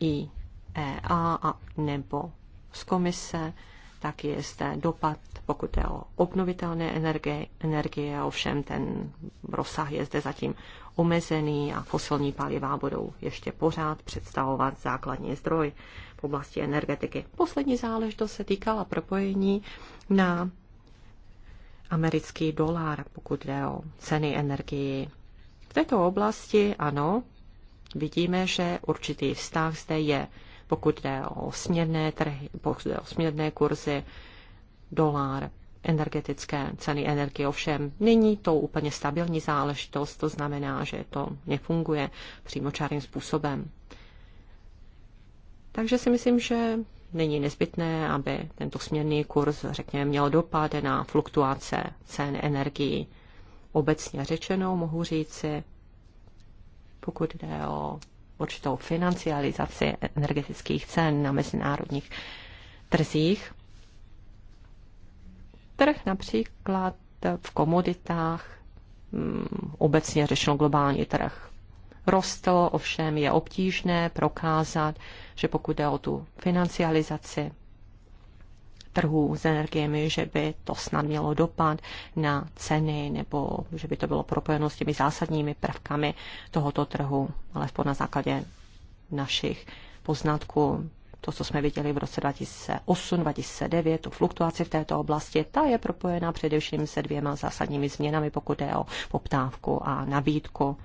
IEA a nebo z komise, tak je zde dopad, pokud je o obnovitelné energie, energie, ovšem ten rozsah je zde zatím omezený a fosilní paliva budou ještě pořád představovat základní zdroj v oblasti energetiky. Poslední záležitost se týkala propojení na americký dolar, pokud jde o ceny energii. V této oblasti, ano, vidíme, že určitý vztah zde je, pokud jde o směrné, trhy, pokud jde o směrné kurzy, dolar, energetické ceny energie. Ovšem není to úplně stabilní záležitost, to znamená, že to nefunguje přímočárým způsobem. Takže si myslím, že není nezbytné, aby tento směrný kurz, řekněme, měl dopad na fluktuace cen energií. Obecně řečeno mohu říci, pokud jde o určitou financializaci energetických cen na mezinárodních trzích. Trh například v komoditách, mm, obecně řečeno globální trh, rostl, ovšem je obtížné prokázat, že pokud jde o tu financializaci trhů s energiemi, že by to snad mělo dopad na ceny nebo že by to bylo propojeno s těmi zásadními prvkami tohoto trhu, alespoň na základě našich poznatků to, co jsme viděli v roce 2008-2009, tu fluktuaci v této oblasti, ta je propojena především se dvěma zásadními změnami, pokud je o poptávku a nabídku.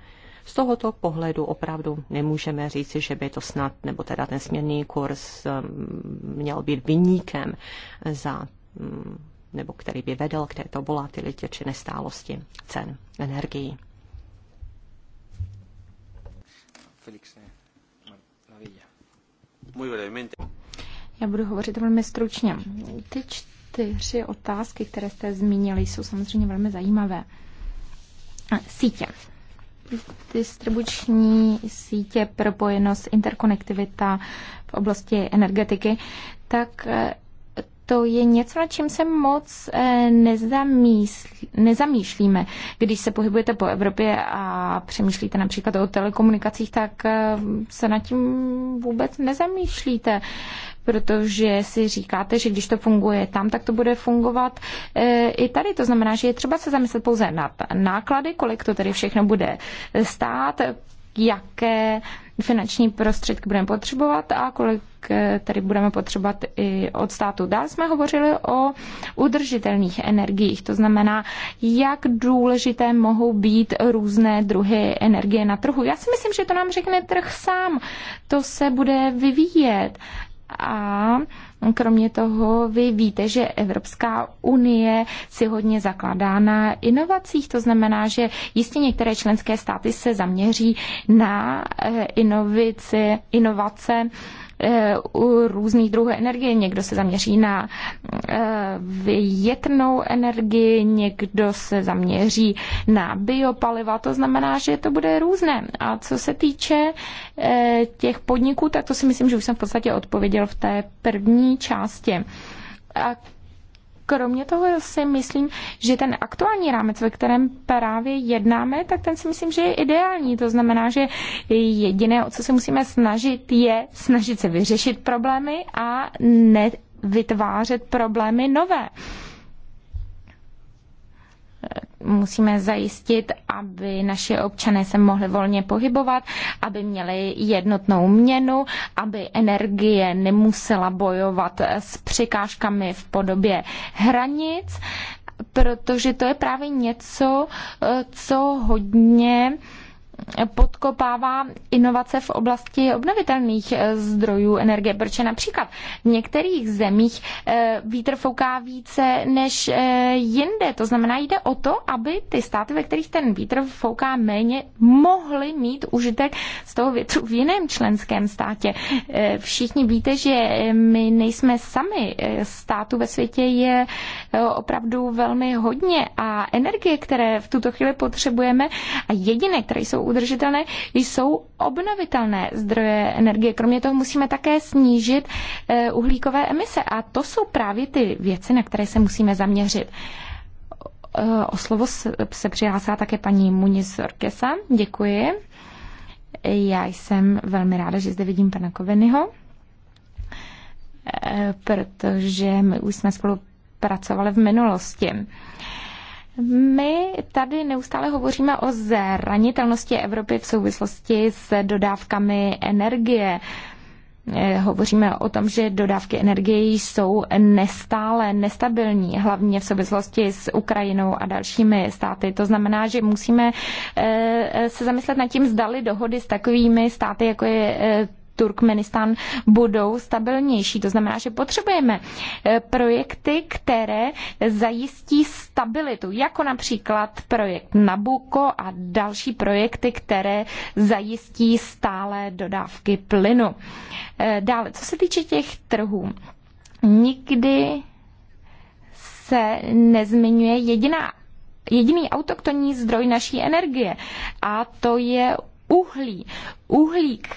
Z tohoto pohledu opravdu nemůžeme říci, že by to snad, nebo teda ten směrný kurz um, měl být vyníkem za um, nebo který by vedl k této volatilitě či nestálosti cen energií. Felix eh, Muy brevemente. Já budu hovořit velmi stručně. Ty čtyři otázky, které jste zmínili, jsou samozřejmě velmi zajímavé. Sítě distribuční sítě, propojenost, interkonektivita v oblasti energetiky, tak eh, to je něco, na čím se moc eh, nezamýšlí, nezamýšlíme. Když se pohybujete po Evropě a přemýšlíte například o telekomunikacích, tak eh, se nad tím vůbec nezamýšlíte protože si říkáte, že když to funguje tam, tak to bude fungovat eh, i tady. To znamená, že je třeba se zamyslet pouze nad náklady, kolik to tedy všechno bude stát, jaké finanční prostředky budeme potřebovat a kolik eh, tady budeme potřebovat i od státu. Dále jsme hovořili o udržitelných energiích, to znamená, jak důležité mohou být různé druhy energie na trhu. Já si myslím, že to nám řekne trh sám. To se bude vyvíjet. A Kromě toho vy víte, že Evropská unie si hodně zakládá na inovacích. To znamená, že jistě některé členské státy se zaměří na eh, inovice, inovace Eh, u různých druhů energie. Někdo se zaměří na eh, větrnou energii, někdo se zaměří na biopaliva. To znamená, že to bude různé. A co se týče eh, těch podniků, tak to si myslím, že už jsem v podstatě odpověděl v té první části. A kromě toho si myslím, že ten aktuální rámec, ve kterém právě jednáme, tak ten si myslím, že je ideální. To znamená, že jediné, o co se musíme snažit, je snažit se vyřešit problémy a ne vytvářet problémy nové musíme zajistit, aby naši občané se mohli volně pohybovat, aby měli jednotnou měnu, aby energie nemusela bojovat s překážkami v podobě hranic, protože to je právě něco, co hodně podkopává inovace v oblasti obnovitelných eh, zdrojů energie, protože například v některých zemích eh, vítr fouká více než eh, jinde. To znamená, jde o to, aby ty státy, ve kterých ten vítr fouká méně, mohly mít užitek z toho větru v jiném členském státě. Všichni víte, že my nejsme sami. Států ve světě je opravdu velmi hodně a energie, které v tuto chvíli potřebujeme a jediné, které jsou udržitelné, jsou obnovitelné zdroje energie. Kromě toho musíme také snížit eh, uhlíkové emise a to jsou právě ty věci, na které se musíme zaměřit. Eh, o slovo se přihlásila také paní Muniz Orkesa. Děkuji. Já jsem velmi ráda, že zde vidím pana Kovenyho, eh, protože my už jsme spolu pracovali v minulosti. My tady neustále hovoříme o zranitelnosti Evropy v souvislosti s dodávkami energie. Eh, hovoříme o tom, že dodávky energie jsou nestále, nestabilní, hlavně v souvislosti s Ukrajinou a dalšími státy. To znamená, že musíme eh, se zamyslet nad tím, zdali dohody s takovými státy, jako je eh, Turkmenistán budou stabilnější. To znamená, že potřebujeme eh, projekty, které zajistí stabilitu, jako například projekt Nabuko a další projekty, které zajistí stále dodávky plynu. Eh, dále, co se týče těch trhů, nikdy se nezmiňuje jediná, jediný autoktonní zdroj naší energie a to je uhlí. Uhlík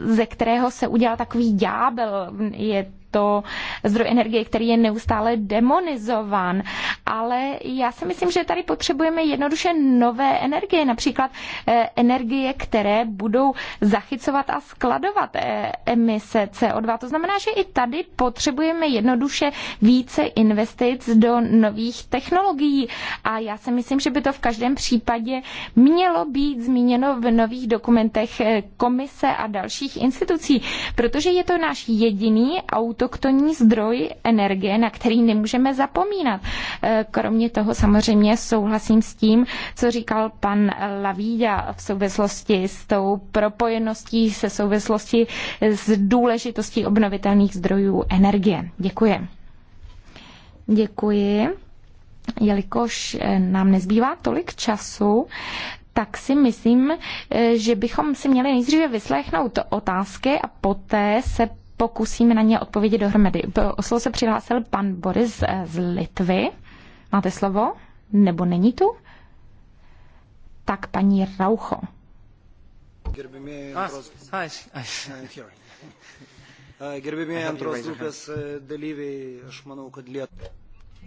ze kterého se udělal takový ďábel. Je to zdroj energie, který je neustále demonizován. Ale já si myslím, že tady potřebujeme jednoduše nové energie, například eh, energie, které budou zachycovat a skladovat eh, emise CO2. To znamená, že i tady potřebujeme jednoduše více investic do nových technologií. A já si myslím, že by to v každém případě mělo být zmíněno v nových dokumentech eh, komise a dalších institucí, protože je to náš jediný auto autoktonní zdroj energie, na který nemůžeme zapomínat. E, kromě toho samozřejmě souhlasím s tím, co říkal pan Lavída v souvislosti s tou propojeností, se souvislosti s důležitostí obnovitelných zdrojů energie. Děkuji. Děkuji. Jelikož e, nám nezbývá tolik času, tak si myslím, e, že bychom si měli nejdříve vyslechnout otázky a poté se pokusíme na ně odpovědět dohromady. O slovo se přihlásil pan Boris eh, z Litvy. Máte slovo? Nebo není tu? Tak paní Raucho.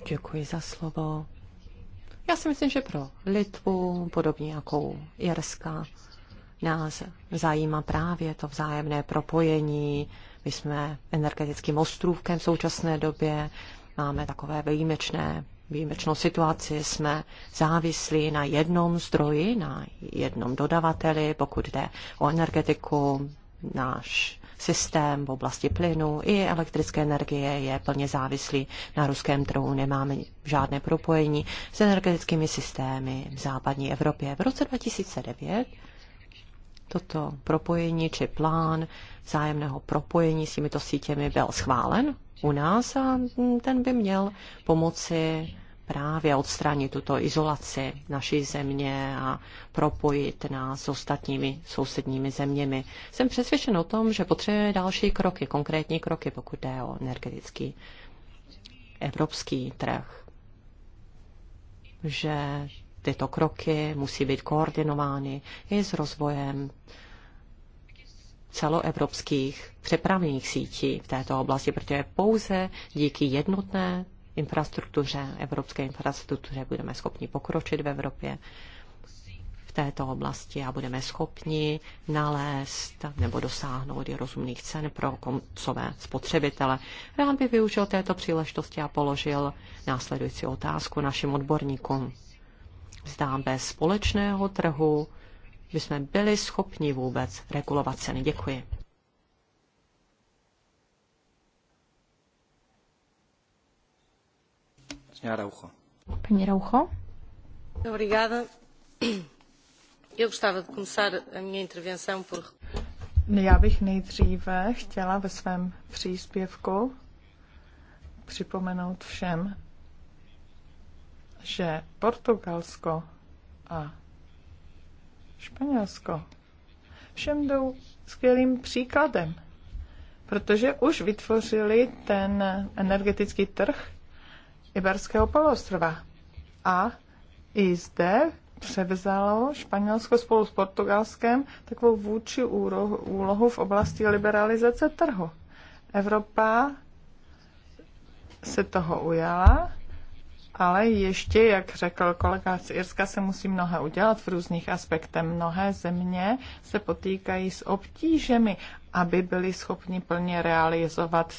Děkuji za slovo. Já si myslím, že pro Litvu, podobně jako Jerska, nás zajímá právě to vzájemné propojení my jsme energetickým ostrůvkem v současné době, máme takové výjimečné, výjimečnou situaci, jsme závislí na jednom zdroji, na jednom dodavateli, pokud jde o energetiku, náš systém v oblasti plynu i elektrické energie je plně závislý na ruském trhu. Nemáme žádné propojení s energetickými systémy v západní Evropě. V roce 2009 toto propojení či plán vzájemného propojení s těmito sítěmi byl schválen u nás a ten by měl pomoci právě odstranit tuto izolaci naší země a propojit nás s ostatními sousedními zeměmi. Jsem přesvědčen o tom, že potřebujeme další kroky, konkrétní kroky, pokud jde o energetický evropský trh. Že tyto kroky musí být koordinovány i s rozvojem celoevropských přepravních sítí v této oblasti, protože pouze díky jednotné infrastruktuře, evropské infrastruktuře, budeme schopni pokročit v Evropě v této oblasti a budeme schopni nalézt nebo dosáhnout i rozumných cen pro koncové spotřebitele. Rád bych využil této příležitosti a položil následující otázku našim odborníkům. Zdá bez společného trhu by jsme byli schopni vůbec regulovat ceny. Děkuji. Paní Raucho. Obrigada. Eu gostava de começar a minha intervenção por... No, já bych nejdříve chtěla ve svém příspěvku připomenout všem, že Portugalsko a Španělsko všem jdou skvělým příkladem, protože už vytvořili ten energetický trh Iberského poloostrova. A i zde převzalo Španělsko spolu s Portugalskem takovou vůči úlohu v oblasti liberalizace trhu. Evropa se toho ujala ale ještě, jak řekl kolega z Irska, se musí mnohé udělat v různých aspektech. Mnohé země se potýkají s obtížemi, aby byli schopni plně realizovat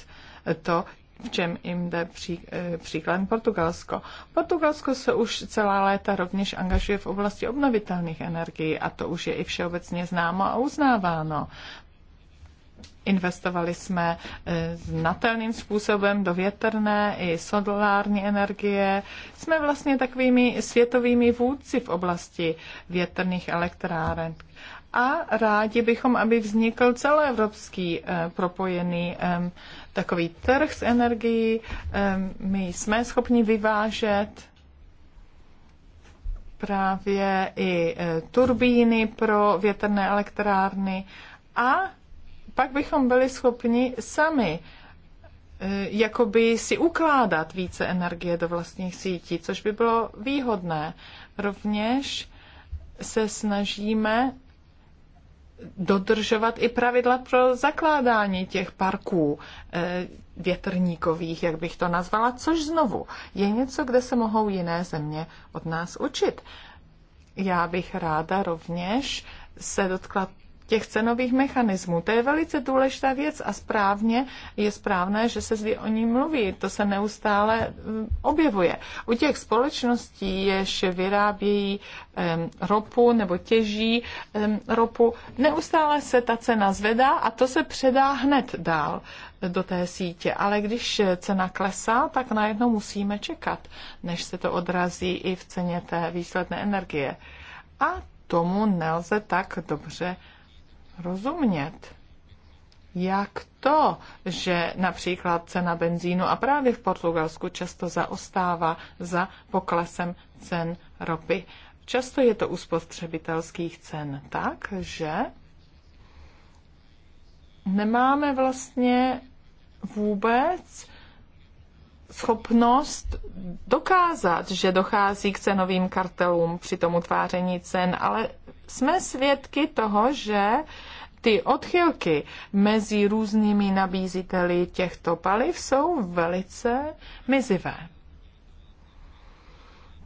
to, v čem jim jde pří, eh, příklad Portugalsko. Portugalsko se už celá léta rovněž angažuje v oblasti obnovitelných energií a to už je i všeobecně známo a uznáváno. Investovali jsme e, znatelným způsobem do větrné i solární energie. Jsme vlastně takovými světovými vůdci v oblasti větrných elektráren. A rádi bychom, aby vznikl celoevropský eh, propojený eh, takový trh s energií. Eh, my jsme schopni vyvážet právě i e, turbíny pro větrné elektrárny a pak bychom byli schopni sami e, jakoby si ukládat více energie do vlastních sítí, což by bylo výhodné. Rovněž se snažíme dodržovat i pravidla pro zakládání těch parků e, větrníkových, jak bych to nazvala, což znovu je něco, kde se mohou jiné země od nás učit. Já bych ráda rovněž se dotkla těch cenových mechanismů. To je velice důležitá věc a správně je správné, že se zde o ní mluví. To se neustále mm, objevuje. U těch společností, jež vyrábějí um, ropu nebo těží um, ropu, neustále se ta cena zvedá a to se předá hned dál e, do té sítě. Ale když cena klesá, tak najednou musíme čekat, než se to odrazí i v ceně té výsledné energie. A tomu nelze tak dobře rozumět, jak to, že například cena benzínu a právě v Portugalsku často zaostává za poklesem cen ropy. Často je to u spotřebitelských cen tak, že nemáme vlastně vůbec schopnost dokázat, že dochází k cenovým kartelům při tom utváření cen, ale jsme svědky toho, že ty odchylky mezi různými nabíziteli těchto paliv jsou velice mizivé.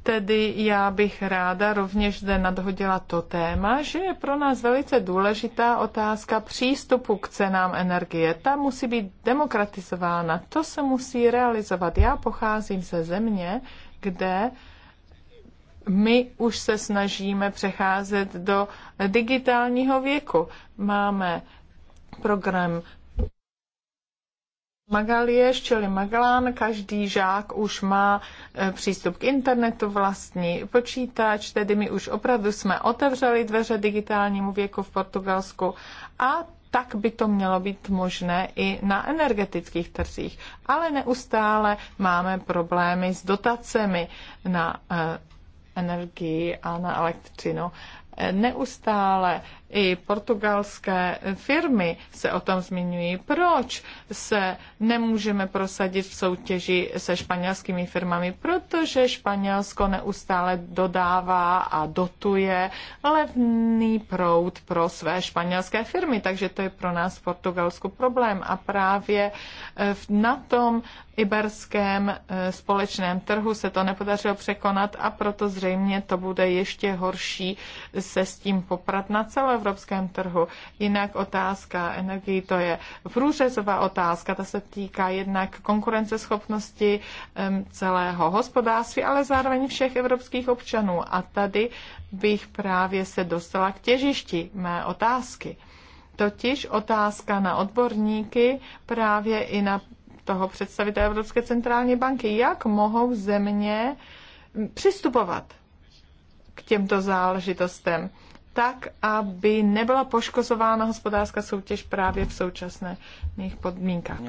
Tedy já bych ráda rovněž zde nadhodila to téma, že je pro nás velice důležitá otázka přístupu k cenám energie. Ta musí být demokratizována, to se musí realizovat. Já pocházím ze země, kde my už se snažíme přecházet do digitálního věku. Máme program Magalieš, čili Magalán, každý žák už má eh, přístup k internetu, vlastní počítač, tedy my už opravdu jsme otevřeli dveře digitálnímu věku v Portugalsku a tak by to mělo být možné i na energetických trzích. Ale neustále máme problémy s dotacemi na eh, energii a na elektřinu. Eh, neustále i portugalské firmy se o tom zmiňují. Proč se nemůžeme prosadit v soutěži se španělskými firmami? Protože Španělsko neustále dodává a dotuje levný proud pro své španělské firmy, takže to je pro nás v Portugalsku problém. A právě eh, na tom iberském eh, společném trhu se to nepodařilo překonat a proto zřejmě to bude ještě horší se s tím poprat na celé celoevropském trhu. Jinak otázka energii, to je průřezová otázka, ta se týká jednak konkurenceschopnosti celého hospodářství, ale zároveň všech evropských občanů. A tady bych právě se dostala k těžišti mé otázky. Totiž otázka na odborníky, právě i na toho představitele Evropské centrální banky, jak mohou země přistupovat k těmto záležitostem tak, aby nebyla poškozována hospodářská soutěž právě v současných podmínkách.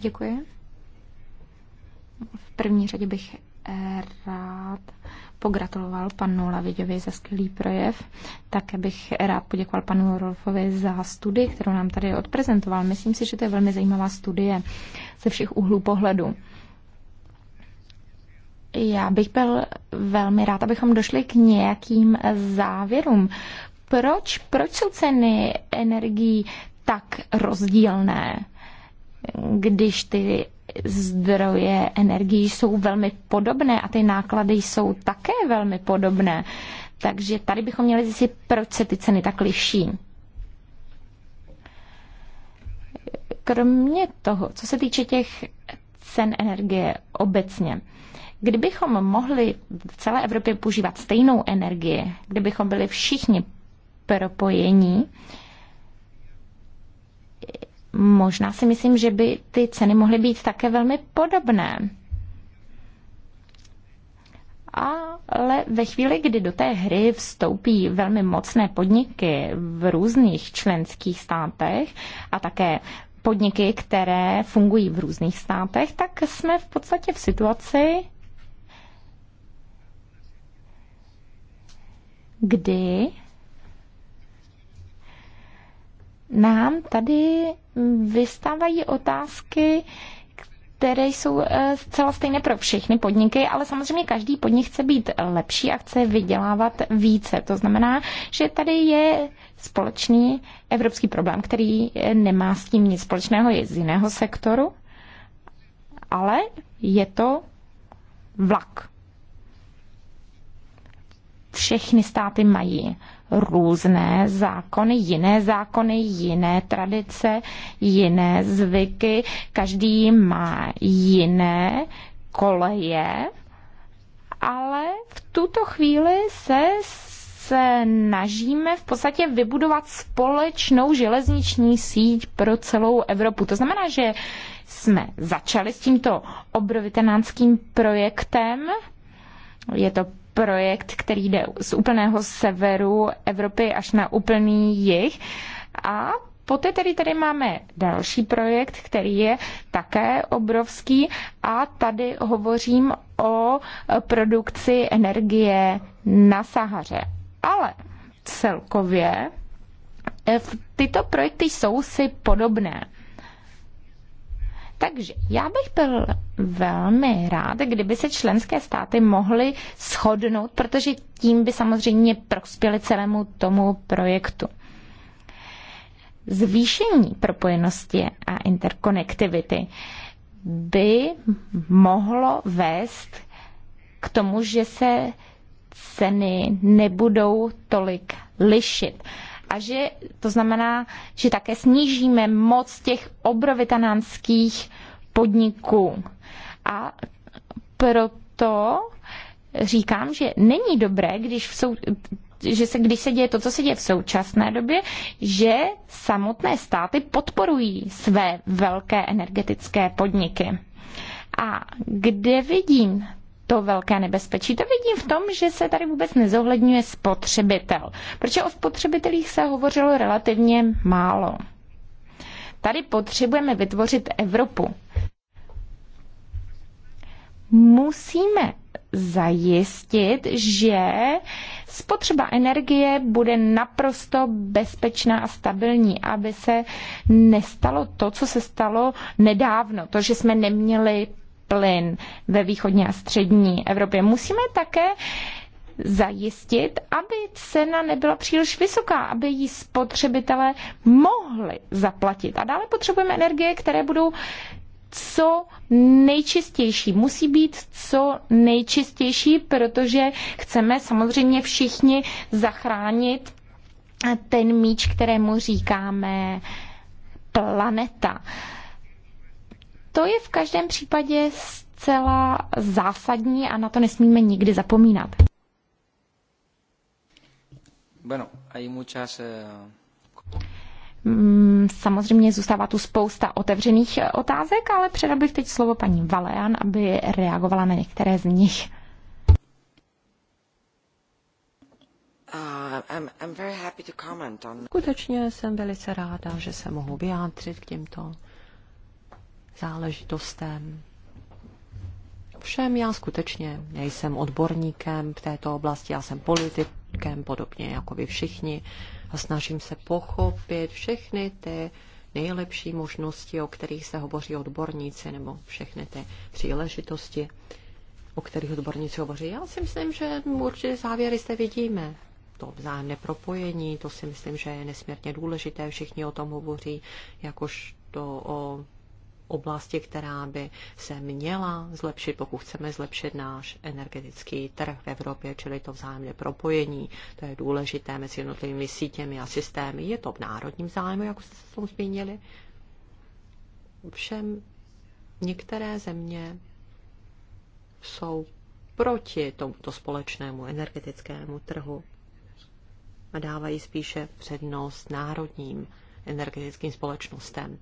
Děkuji. V první řadě bych eh, rád pogratuloval panu Laviďovi za skvělý projev. Také bych rád poděkoval panu Rolfovi za studii, kterou nám tady odprezentoval. Myslím si, že to je velmi zajímavá studie ze všech úhlů pohledu. Já bych byl velmi rád, abychom došli k nějakým závěrům. Proč, proč jsou ceny energií tak rozdílné, když ty zdroje energií jsou velmi podobné a ty náklady jsou také velmi podobné. Takže tady bychom měli zjistit, proč se ty ceny tak liší. Kromě toho, co se týče těch cen energie obecně, Kdybychom mohli v celé Evropě používat stejnou energii, kdybychom byli všichni propojení, možná si myslím, že by ty ceny mohly být také velmi podobné. Ale ve chvíli, kdy do té hry vstoupí velmi mocné podniky v různých členských státech a také podniky, které fungují v různých státech, tak jsme v podstatě v situaci, kdy nám tady vystávají otázky, které jsou eh, zcela stejné pro všechny podniky, ale samozřejmě každý podnik chce být lepší a chce vydělávat více. To znamená, že tady je společný evropský problém, který eh, nemá s tím nic společného, je z jiného sektoru, ale je to vlak všechny státy mají různé zákony, jiné zákony, jiné tradice, jiné zvyky, každý má jiné koleje, ale v tuto chvíli se snažíme v podstatě vybudovat společnou železniční síť pro celou Evropu. To znamená, že jsme začali s tímto obrovitenánským projektem, je to projekt, který jde z úplného severu Evropy až na úplný jih. A Poté tedy tady máme další projekt, který je také obrovský a tady hovořím o produkci energie na Sahaře. Ale celkově eh, tyto projekty jsou si podobné. Takže já bych byl velmi rád, kdyby se členské státy mohly shodnout, protože tím by samozřejmě prospěly celému tomu projektu. Zvýšení propojenosti a interkonektivity by mohlo vést k tomu, že se ceny nebudou tolik lišit a že to znamená, že také snížíme moc těch obrovitanánských podniků. A proto říkám, že není dobré, když v sou, že se, když se děje to, co se děje v současné době, že samotné státy podporují své velké energetické podniky. A kde vidím to velké nebezpečí. To vidím v tom, že se tady vůbec nezohledňuje spotřebitel, protože o spotřebitelích se hovořilo relativně málo. Tady potřebujeme vytvořit Evropu. Musíme zajistit, že spotřeba energie bude naprosto bezpečná a stabilní, aby se nestalo to, co se stalo nedávno, to, že jsme neměli plyn ve východní a střední Evropě. Musíme také zajistit, aby cena nebyla příliš vysoká, aby ji spotřebitelé mohli zaplatit. A dále potřebujeme energie, které budou co nejčistější. Musí být co nejčistější, protože chceme samozřejmě všichni zachránit ten míč, kterému říkáme planeta. To je v každém případě zcela zásadní a na to nesmíme nikdy zapomínat. Bueno, hay muchas, eh, mm, Samozřejmě zůstává tu spousta otevřených eh, otázek, ale předal bych teď slovo paní Valean, aby reagovala na některé z nich. Uh, Skutečně jsem velice ráda, že se mohu vyjádřit k těmto záležitostem. Všem já skutečně nejsem odborníkem v této oblasti, já jsem politikem, podobně jako vy všichni, a snažím se pochopit všechny ty nejlepší možnosti, o kterých se hovoří odborníci, nebo všechny ty příležitosti, o kterých odborníci hovoří. Já si myslím, že určitě závěry zde vidíme. To vzájemné propojení, to si myslím, že je nesmírně důležité, všichni o tom hovoří, jakož to o oblasti, která by se měla zlepšit, pokud chceme zlepšit náš energetický trh v Evropě, čili to vzájemné propojení. To je důležité mezi jednotlivými sítěmi a systémy. Je to v národním zájmu, jak jste se tomu zmínili. Všem některé země jsou proti tomuto společnému energetickému trhu a dávají spíše přednost národním energetickým společnostem.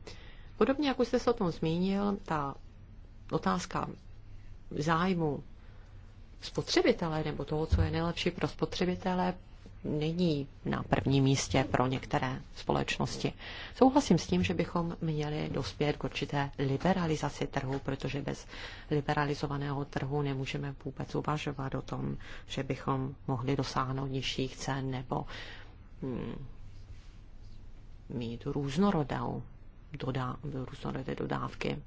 Podobně, jak už jste se o tom zmínil, ta otázka zájmu spotřebitele nebo toho, co je nejlepší pro spotřebitele, není na prvním místě pro některé společnosti. Souhlasím s tím, že bychom měli dospět k určité liberalizaci trhu, protože bez liberalizovaného trhu nemůžeme vůbec uvažovat o tom, že bychom mohli dosáhnout nižších cen nebo hmm, mít různorodou dodá, různorodé dodávky.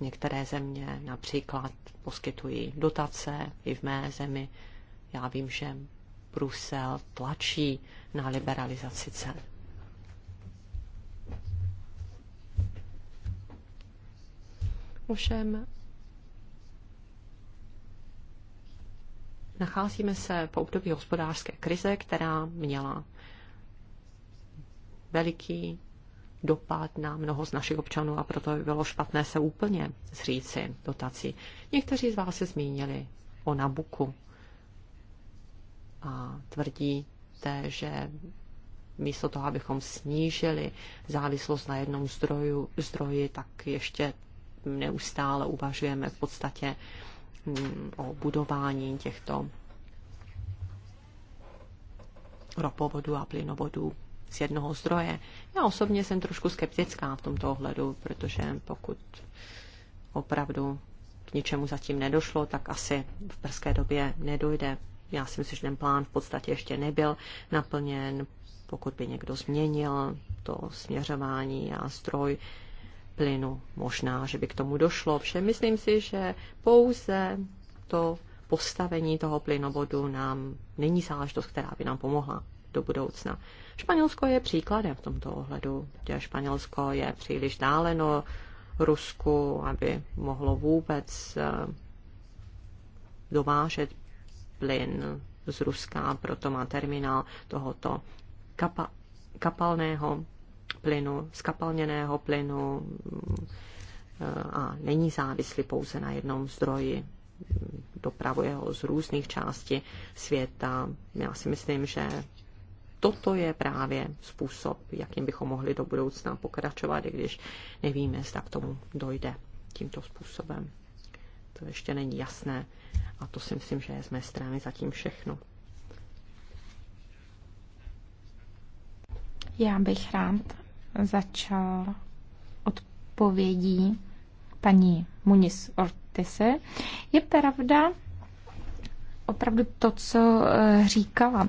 Některé země například poskytují dotace i v mé zemi. Já vím, že Brusel tlačí na liberalizaci cen. Ovšem, nacházíme se po období hospodářské krize, která měla veliký dopad na mnoho z našich občanů a proto by bylo špatné se úplně zříci dotací. Někteří z vás se zmínili o Nabuku a tvrdíte, že místo toho, abychom snížili závislost na jednom zdroju, zdroji, tak ještě neustále uvažujeme v podstatě mm, o budování těchto ropovodů a plynovodů z jednoho zdroje. Já osobně jsem trošku skeptická v tomto ohledu, protože pokud opravdu k ničemu zatím nedošlo, tak asi v brzké době nedojde. Já si myslím, že ten plán v podstatě ještě nebyl naplněn. Pokud by někdo změnil to směřování a stroj plynu, možná, že by k tomu došlo. Vše myslím si, že pouze to postavení toho plynovodu nám není záležitost, která by nám pomohla do budoucna. Španělsko je příkladem v tomto ohledu, že Španělsko je příliš dáleno Rusku, aby mohlo vůbec eh, dovážet plyn z Ruska, proto má terminál tohoto kapa, kapalného plynu, skapalněného plynu eh, a není závislý pouze na jednom zdroji. Dopravuje ho z různých částí světa. Já si myslím, že toto je právě způsob, jakým bychom mohli do budoucna pokračovat, i když nevíme, zda k tomu dojde tímto způsobem. To ještě není jasné a to si myslím, že je z mé strany zatím všechno. Já bych rád začal odpovědí paní Muniz Ortese. Je pravda opravdu to, co eh, říkala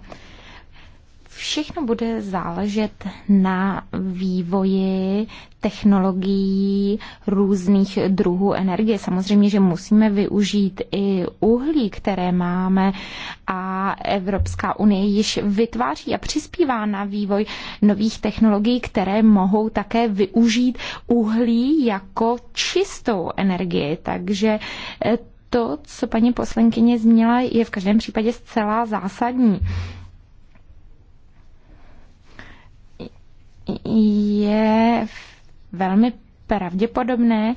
Všechno bude záležet na vývoji technologií různých druhů energie. Samozřejmě, že musíme využít i uhlí, které máme a Evropská unie již vytváří a přispívá na vývoj nových technologií, které mohou také využít uhlí jako čistou energii. Takže eh, to, co paní poslankyně zmínila, je v každém případě zcela zásadní. velmi pravděpodobné,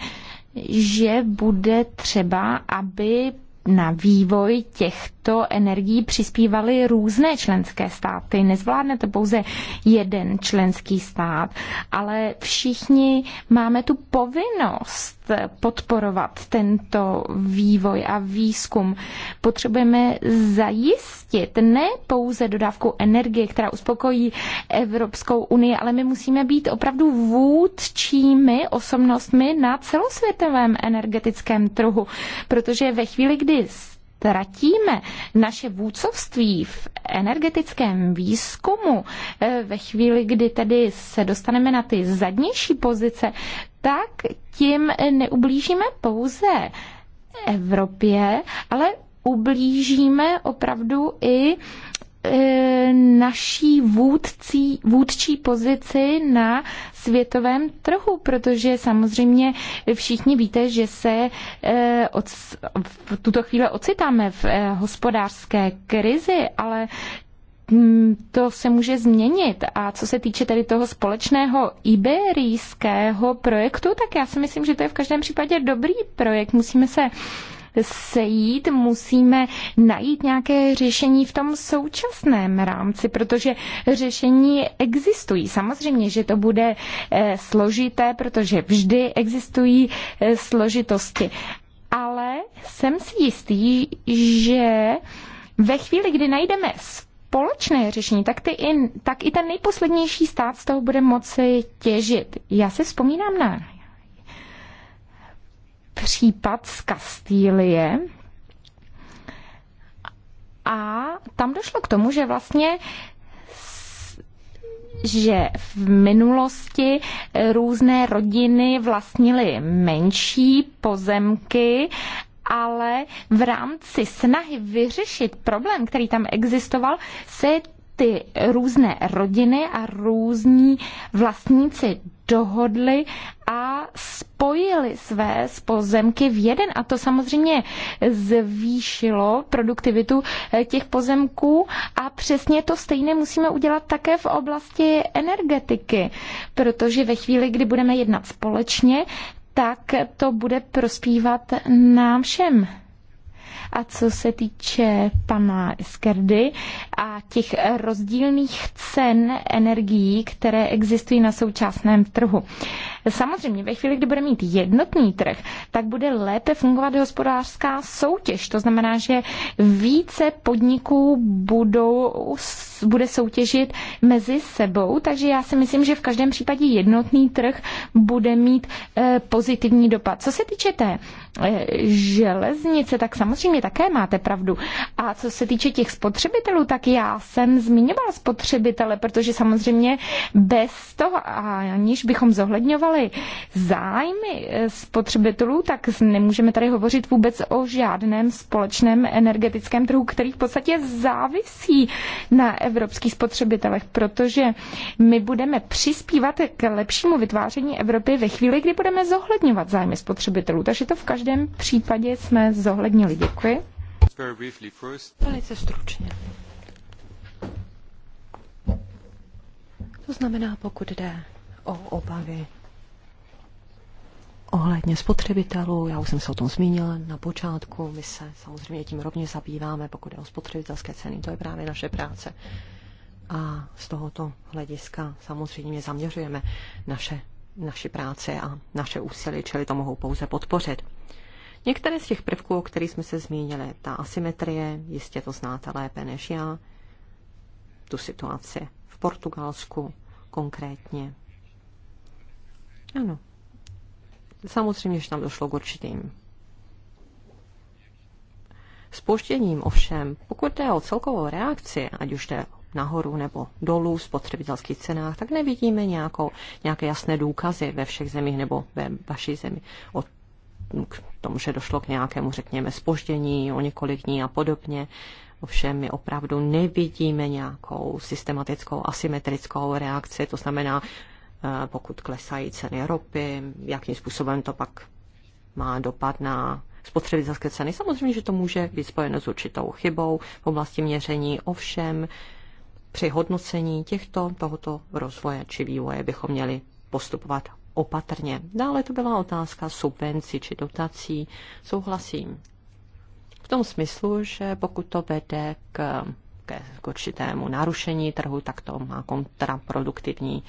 že bude třeba, aby na vývoj těchto energií přispívaly různé členské státy. Nezvládne to pouze jeden členský stát, ale všichni máme tu povinnost podporovat tento vývoj a výzkum. Potřebujeme zajistit ne pouze dodávku energie, která uspokojí Evropskou unii, ale my musíme být opravdu vůdčími osobnostmi na celosvětovém energetickém trhu, protože ve chvíli, kdy kdy ztratíme naše vůcovství v energetickém výzkumu eh, ve chvíli, kdy tedy se dostaneme na ty zadnější pozice, tak tím neublížíme pouze Evropě, ale ublížíme opravdu i E, naší vůdcí, vůdčí pozici na světovém trhu, protože samozřejmě všichni víte, že se e, od, v tuto chvíli ocitáme v e, hospodářské krizi, ale mm, to se může změnit. A co se týče tedy toho společného iberijského projektu, tak já si myslím, že to je v každém případě dobrý projekt. Musíme se sejít, musíme najít nějaké řešení v tom současném rámci, protože řešení existují. Samozřejmě, že to bude eh, složité, protože vždy existují eh, složitosti. Ale jsem si jistý, že ve chvíli, kdy najdeme společné řešení, tak, ty i, tak i ten nejposlednější stát z toho bude moci těžit. Já si vzpomínám na případ z Kastýlie. a tam došlo k tomu, že vlastně že v minulosti eh, různé rodiny vlastnily menší pozemky, ale v rámci snahy vyřešit problém, který tam existoval, se ty různé rodiny a různí vlastníci dohodli a spojili své pozemky v jeden a to samozřejmě zvýšilo produktivitu eh, těch pozemků a přesně to stejné musíme udělat také v oblasti energetiky, protože ve chvíli, kdy budeme jednat společně, tak to bude prospívat nám všem. A co se týče pana Iskerdy, a těch rozdílných cen energií, které existují na současném trhu. Samozřejmě, ve chvíli, kdy bude mít jednotný trh, tak bude lépe fungovat hospodářská soutěž. To znamená, že více podniků budou, bude soutěžit mezi sebou, takže já si myslím, že v každém případě jednotný trh bude mít eh, pozitivní dopad. Co se týče té eh, železnice, tak samozřejmě také máte pravdu. A co se týče těch spotřebitelů, tak já jsem zmiňovala spotřebitele, protože samozřejmě bez toho, aniž bychom zohledňovali zájmy eh, spotřebitelů, tak nemůžeme tady hovořit vůbec o žádném společném energetickém trhu, který v podstatě závisí na evropských spotřebitelech, protože my budeme přispívat k lepšímu vytváření Evropy ve chvíli, kdy budeme zohledňovat zájmy spotřebitelů. Takže to v každém případě jsme zohlednili. Děkuji. Velice stručně. To znamená, pokud jde o obavy ohledně spotřebitelů, já už jsem se o tom zmínila na počátku, my se samozřejmě tím rovně zabýváme, pokud je o spotřebitelské ceny, to je právě naše práce. A z tohoto hlediska samozřejmě zaměřujeme naše, naši práce a naše úsilí, čili to mohou pouze podpořit. Některé z těch prvků, o kterých jsme se zmínili, ta asymetrie, jistě to znáte lépe než já, tu situaci Portugalsku konkrétně. Ano. Samozřejmě, že tam došlo k určitým spožděním. Ovšem, pokud jde o celkovou reakci, ať už jde nahoru nebo dolů v spotřebitelských cenách, tak nevidíme nějakou, nějaké jasné důkazy ve všech zemích nebo ve vaší zemi o k tomu, že došlo k nějakému, řekněme, spoždění o několik dní a podobně. Ovšem my opravdu nevidíme nějakou systematickou asymetrickou reakci, to znamená, eh, pokud klesají ceny ropy, jakým způsobem to pak má dopad na spotřebitelské ceny. Samozřejmě, že to může být spojeno s určitou chybou v oblasti měření, ovšem při hodnocení těchto, tohoto rozvoje či vývoje bychom měli postupovat opatrně. Dále to byla otázka subvenci či dotací. Souhlasím tom smyslu, že pokud to vede k, k, k určitému narušení trhu, tak to má kontraproduktivní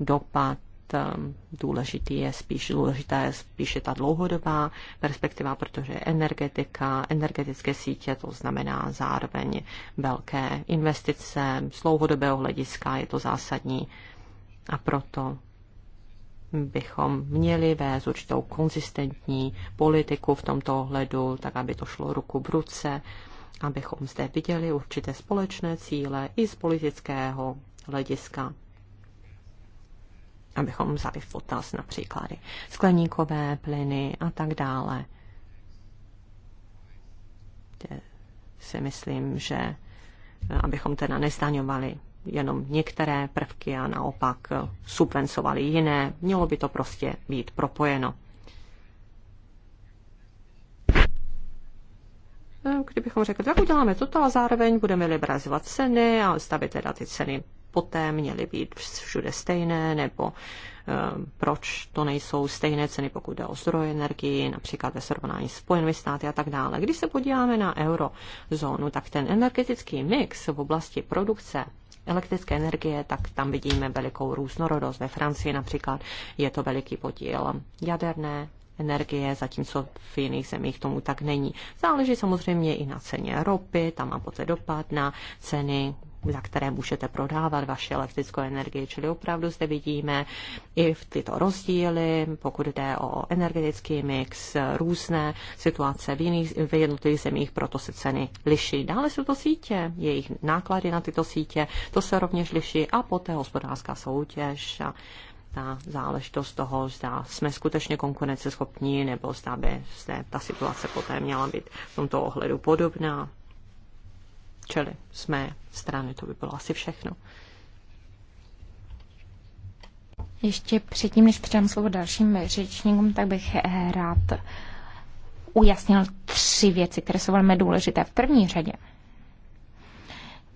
dopad. Ehm, důležitý je spíš, důležitá je spíše ta dlouhodobá perspektiva, protože energetika, energetické sítě, to znamená zároveň velké investice, z dlouhodobého hlediska je to zásadní a proto bychom měli vést určitou konzistentní politiku v tomto ohledu, tak aby to šlo ruku v ruce, abychom zde viděli určité společné cíle i z politického hlediska abychom vzali v potaz například skleníkové plyny a tak dále. Si myslím, že eh, abychom teda nezdaňovali jenom některé prvky a naopak subvencovali jiné. Mělo by to prostě být propojeno. Kdybychom řekli, tak uděláme toto a zároveň budeme liberalizovat ceny a stavit teda ty ceny poté měly být všude stejné, nebo e, proč to nejsou stejné ceny, pokud jde o zdroje energii, například ve srovnání s Spojenými státy a tak dále. Když se podíváme na eurozónu, tak ten energetický mix v oblasti produkce elektrické energie, tak tam vidíme velikou různorodost. Ve Francii například je to veliký podíl jaderné energie, zatímco v jiných zemích tomu tak není. Záleží samozřejmě i na ceně ropy, tam má poté dopad na ceny za které můžete prodávat vaši elektrickou energii. Čili opravdu zde vidíme i v tyto rozdíly, pokud jde o energetický mix, různé situace v, jiných, v jednotlivých zemích, proto se ceny liší. Dále jsou to sítě, jejich náklady na tyto sítě, to se rovněž liší a poté hospodářská soutěž a ta záležitost toho, zda jsme skutečně konkurenceschopní, nebo zda by zde ta situace poté měla být v tomto ohledu podobná. Čili z mé strany to by bylo asi všechno. Ještě předtím, než předám slovo dalším řečníkům, tak bych eh, rád ujasnil tři věci, které jsou velmi důležité. V první řadě,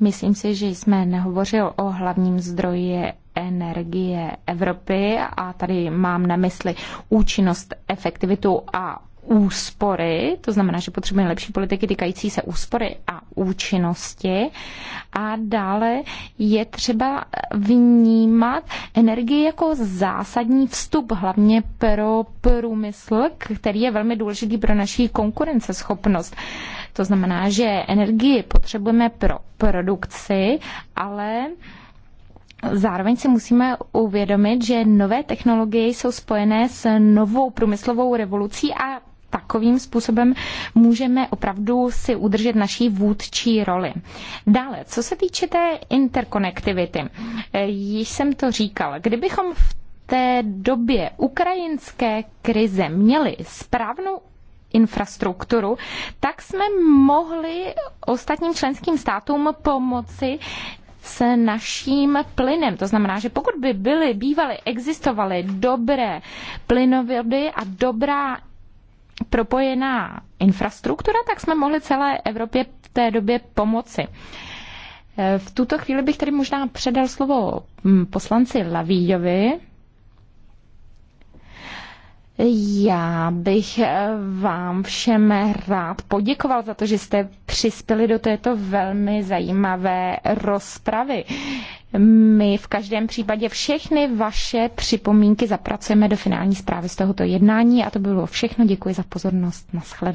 myslím si, že jsme nehovořil o hlavním zdroji energie Evropy a tady mám na mysli účinnost, efektivitu a úspory, to znamená, že potřebujeme lepší politiky týkající se úspory a účinnosti. A dále je třeba vnímat energii jako zásadní vstup, hlavně pro průmysl, který je velmi důležitý pro naší konkurenceschopnost. To znamená, že energii potřebujeme pro produkci, ale Zároveň si musíme uvědomit, že nové technologie jsou spojené s novou průmyslovou revolucí a takovým způsobem můžeme opravdu si udržet naší vůdčí roli. Dále, co se týče té interkonektivity, již eh, jsem to říkal, kdybychom v té době ukrajinské krize měli správnou infrastrukturu, tak jsme mohli ostatním členským státům pomoci s naším plynem. To znamená, že pokud by byly, bývaly, existovaly dobré plynovody a dobrá propojená infrastruktura, tak jsme mohli celé Evropě v té době pomoci. E, v tuto chvíli bych tedy možná předal slovo mm, poslanci Lavíjovi. Já bych e, vám všem rád poděkoval za to, že jste přispěli do této velmi zajímavé rozpravy. My v každém případě všechny vaše připomínky zapracujeme do finální zprávy z tohoto jednání a to by bylo všechno. Děkuji za pozornost. Naschledanou.